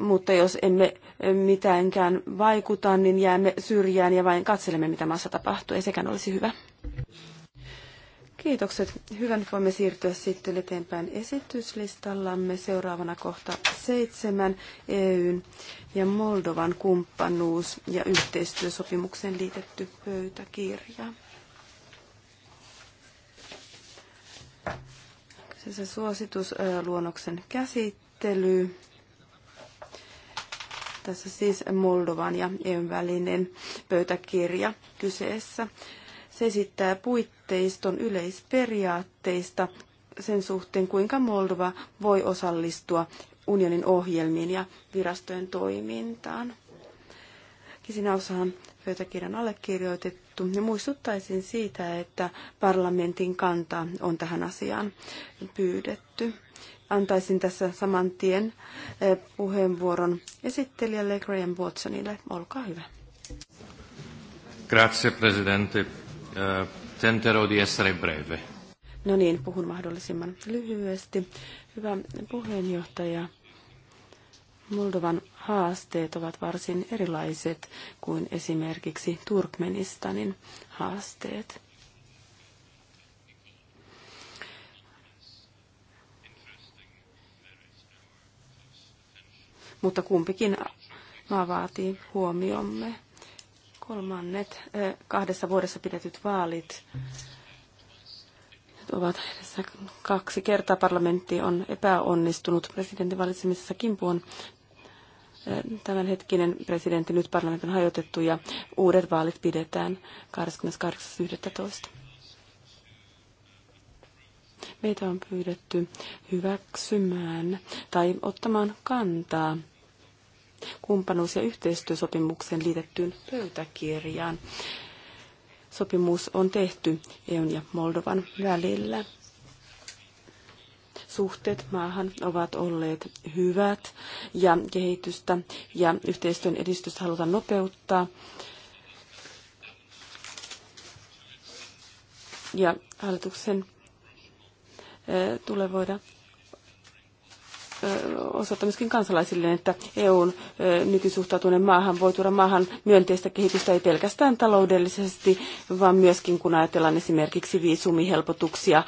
Mutta jos emme mitäänkään vaikuta, niin jäämme syrjään ja vain katselemme, mitä maassa tapahtuu. Ei sekään olisi hyvä. Kiitokset. Hyvä, nyt voimme siirtyä sitten eteenpäin esityslistallamme. Seuraavana kohta seitsemän EUn ja Moldovan kumppanuus- ja yhteistyösopimukseen liitetty pöytäkirja. Se suositusluonnoksen käsittely. Tässä siis Moldovan ja EUn välinen pöytäkirja kyseessä. Se esittää puitteiston yleisperiaatteista sen suhteen, kuinka Moldova voi osallistua unionin ohjelmiin ja virastojen toimintaan. on pöytäkirjan allekirjoitettu ja muistuttaisin siitä, että parlamentin kanta on tähän asiaan pyydetty. Antaisin tässä saman tien eh, puheenvuoron esittelijälle Graham Watsonille. Olkaa hyvä. Grazie, Presidente. Eh, tenterò di essere breve. No niin, puhun mahdollisimman lyhyesti. Hyvä puheenjohtaja. Moldovan haasteet ovat varsin erilaiset kuin esimerkiksi Turkmenistanin haasteet. Mutta kumpikin maa vaatii huomiomme. Kolmannet kahdessa vuodessa pidetyt vaalit ovat edessä kaksi kertaa. Parlamentti on epäonnistunut presidentin valitsemisessa. Kimpu on tämänhetkinen presidentti, nyt parlamentti on hajotettu ja uudet vaalit pidetään 28.11. Meitä on pyydetty hyväksymään tai ottamaan kantaa kumppanuus- ja yhteistyösopimukseen liitettyyn pöytäkirjaan. Sopimus on tehty EUn ja Moldovan välillä. Suhteet maahan ovat olleet hyvät ja kehitystä ja yhteistyön edistystä halutaan nopeuttaa. Ja hallituksen eh, tulee voida osoittaa myöskin kansalaisille, että EUn nykysuhtautuminen maahan voi tuoda maahan myönteistä kehitystä ei pelkästään taloudellisesti, vaan myöskin kun ajatellaan esimerkiksi viisumihelpotuksia,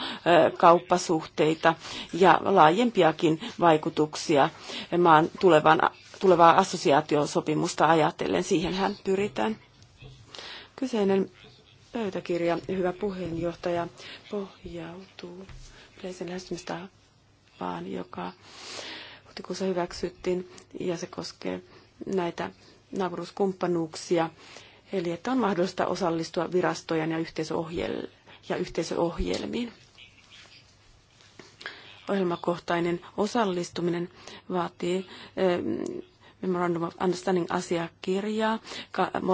kauppasuhteita ja laajempiakin vaikutuksia maan tulevan, tulevaa assosiaatiosopimusta ajatellen. Siihenhän pyritään. Kyseinen pöytäkirja, hyvä puheenjohtaja, pohjautuu yleisen lähestymistapaan tapaan, joka huhtikuussa hyväksyttiin, ja se koskee näitä naapuruuskumppanuuksia, eli että on mahdollista osallistua virastojen ja, yhteisöohjel- ja yhteisöohjelmiin. Ohjelmakohtainen osallistuminen vaatii ähm, Memorandum of Understanding-asiakirjaa.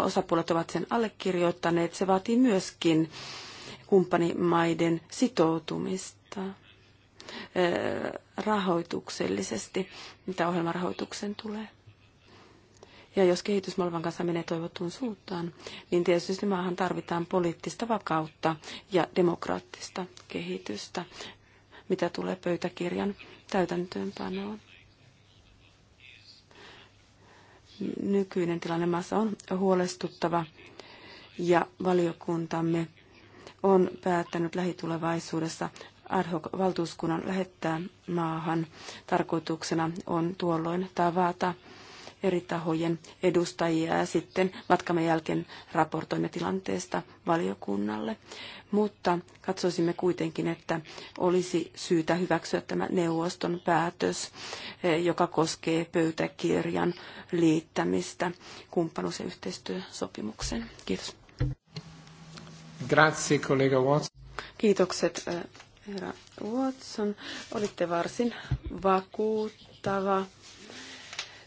Osapuolet ovat sen allekirjoittaneet. Se vaatii myöskin kumppanimaiden sitoutumista rahoituksellisesti, mitä ohjelmarahoituksen tulee. Ja jos kehitysmaailman kanssa menee toivottuun suuntaan, niin tietysti maahan tarvitaan poliittista vakautta ja demokraattista kehitystä, mitä tulee pöytäkirjan täytäntöönpanoon. Nykyinen tilanne maassa on huolestuttava ja valiokuntamme on päättänyt lähitulevaisuudessa ad hoc-valtuuskunnan lähettää maahan. Tarkoituksena on tuolloin tavata eri tahojen edustajia ja sitten matkamme jälkeen raportoimme tilanteesta valiokunnalle. Mutta katsoisimme kuitenkin, että olisi syytä hyväksyä tämä neuvoston päätös, eh, joka koskee pöytäkirjan liittämistä kumppanuus- ja yhteistyösopimukseen. Kiitos. Grazie, Watson. Kiitokset eh, Herra Watson, olitte varsin vakuuttava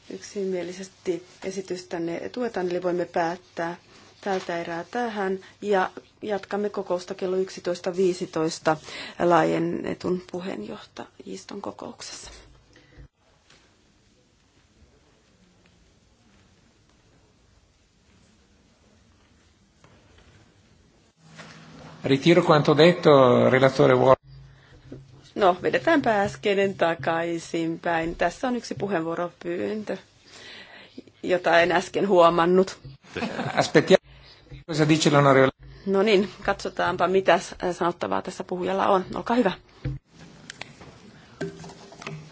yksimielisesti esitystänne tuetaan, eli voimme päättää tältä erää tähän ja jatkamme kokousta kello 11.15 laajennetun puheenjohtajiston kokouksessa. Ritiro quanto detto, relatore Vuor. No, vedetäänpä äskeinen takaisinpäin. Tässä on yksi puheenvuoropyyntö, jota en äsken huomannut. No niin, katsotaanpa mitä sanottavaa tässä puhujalla on. Olkaa hyvä.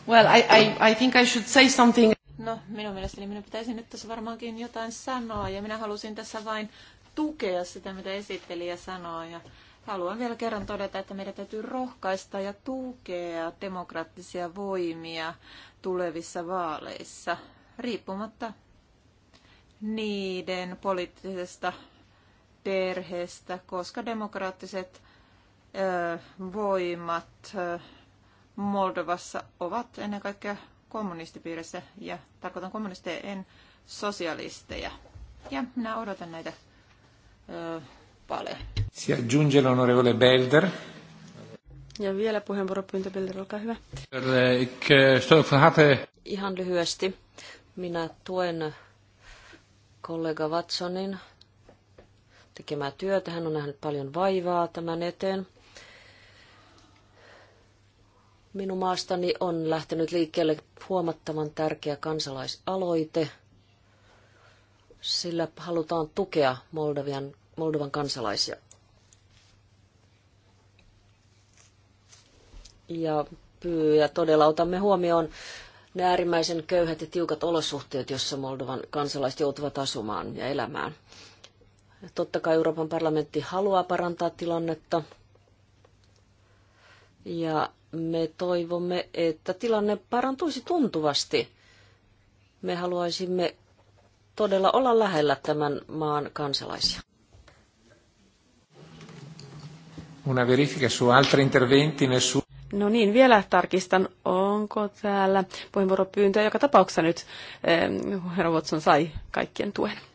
Well, I, I, I think I should say something. No, minun mielestäni minun pitäisi nyt tässä varmaankin jotain sanoa, ja minä halusin tässä vain tukea sitä, mitä esittelijä sanoo. ja Haluan vielä kerran todeta, että meidän täytyy rohkaista ja tukea demokraattisia voimia tulevissa vaaleissa, riippumatta niiden poliittisesta perheestä, koska demokraattiset ö, voimat ö, Moldovassa ovat ennen kaikkea kommunistipiirissä, ja tarkoitan kommunisteja, en sosialisteja. Ja minä odotan näitä ö, paljon. Si aggiunge l'onorevole Belder. Ja vielä puheenvuoropyyntö Belder, olkaa hyvä. Eh, Ihan lyhyesti. Minä tuen kollega Watsonin tekemää työtä. Hän on nähnyt paljon vaivaa tämän eteen. Minun maastani on lähtenyt liikkeelle huomattavan tärkeä kansalaisaloite, sillä halutaan tukea Moldavian Moldovan kansalaisia. Ja, ja todella otamme huomioon ne äärimmäisen köyhät ja tiukat olosuhteet, joissa Moldovan kansalaiset joutuvat asumaan ja elämään. Totta kai Euroopan parlamentti haluaa parantaa tilannetta. Ja me toivomme, että tilanne parantuisi tuntuvasti. Me haluaisimme todella olla lähellä tämän maan kansalaisia. Una verifica su altri interventi, nessuno. No niin, vielä tarkistan, onko täällä puheenvuoropyyntöä. Joka tapauksessa nyt eh, herra Watson sai kaikkien tuen.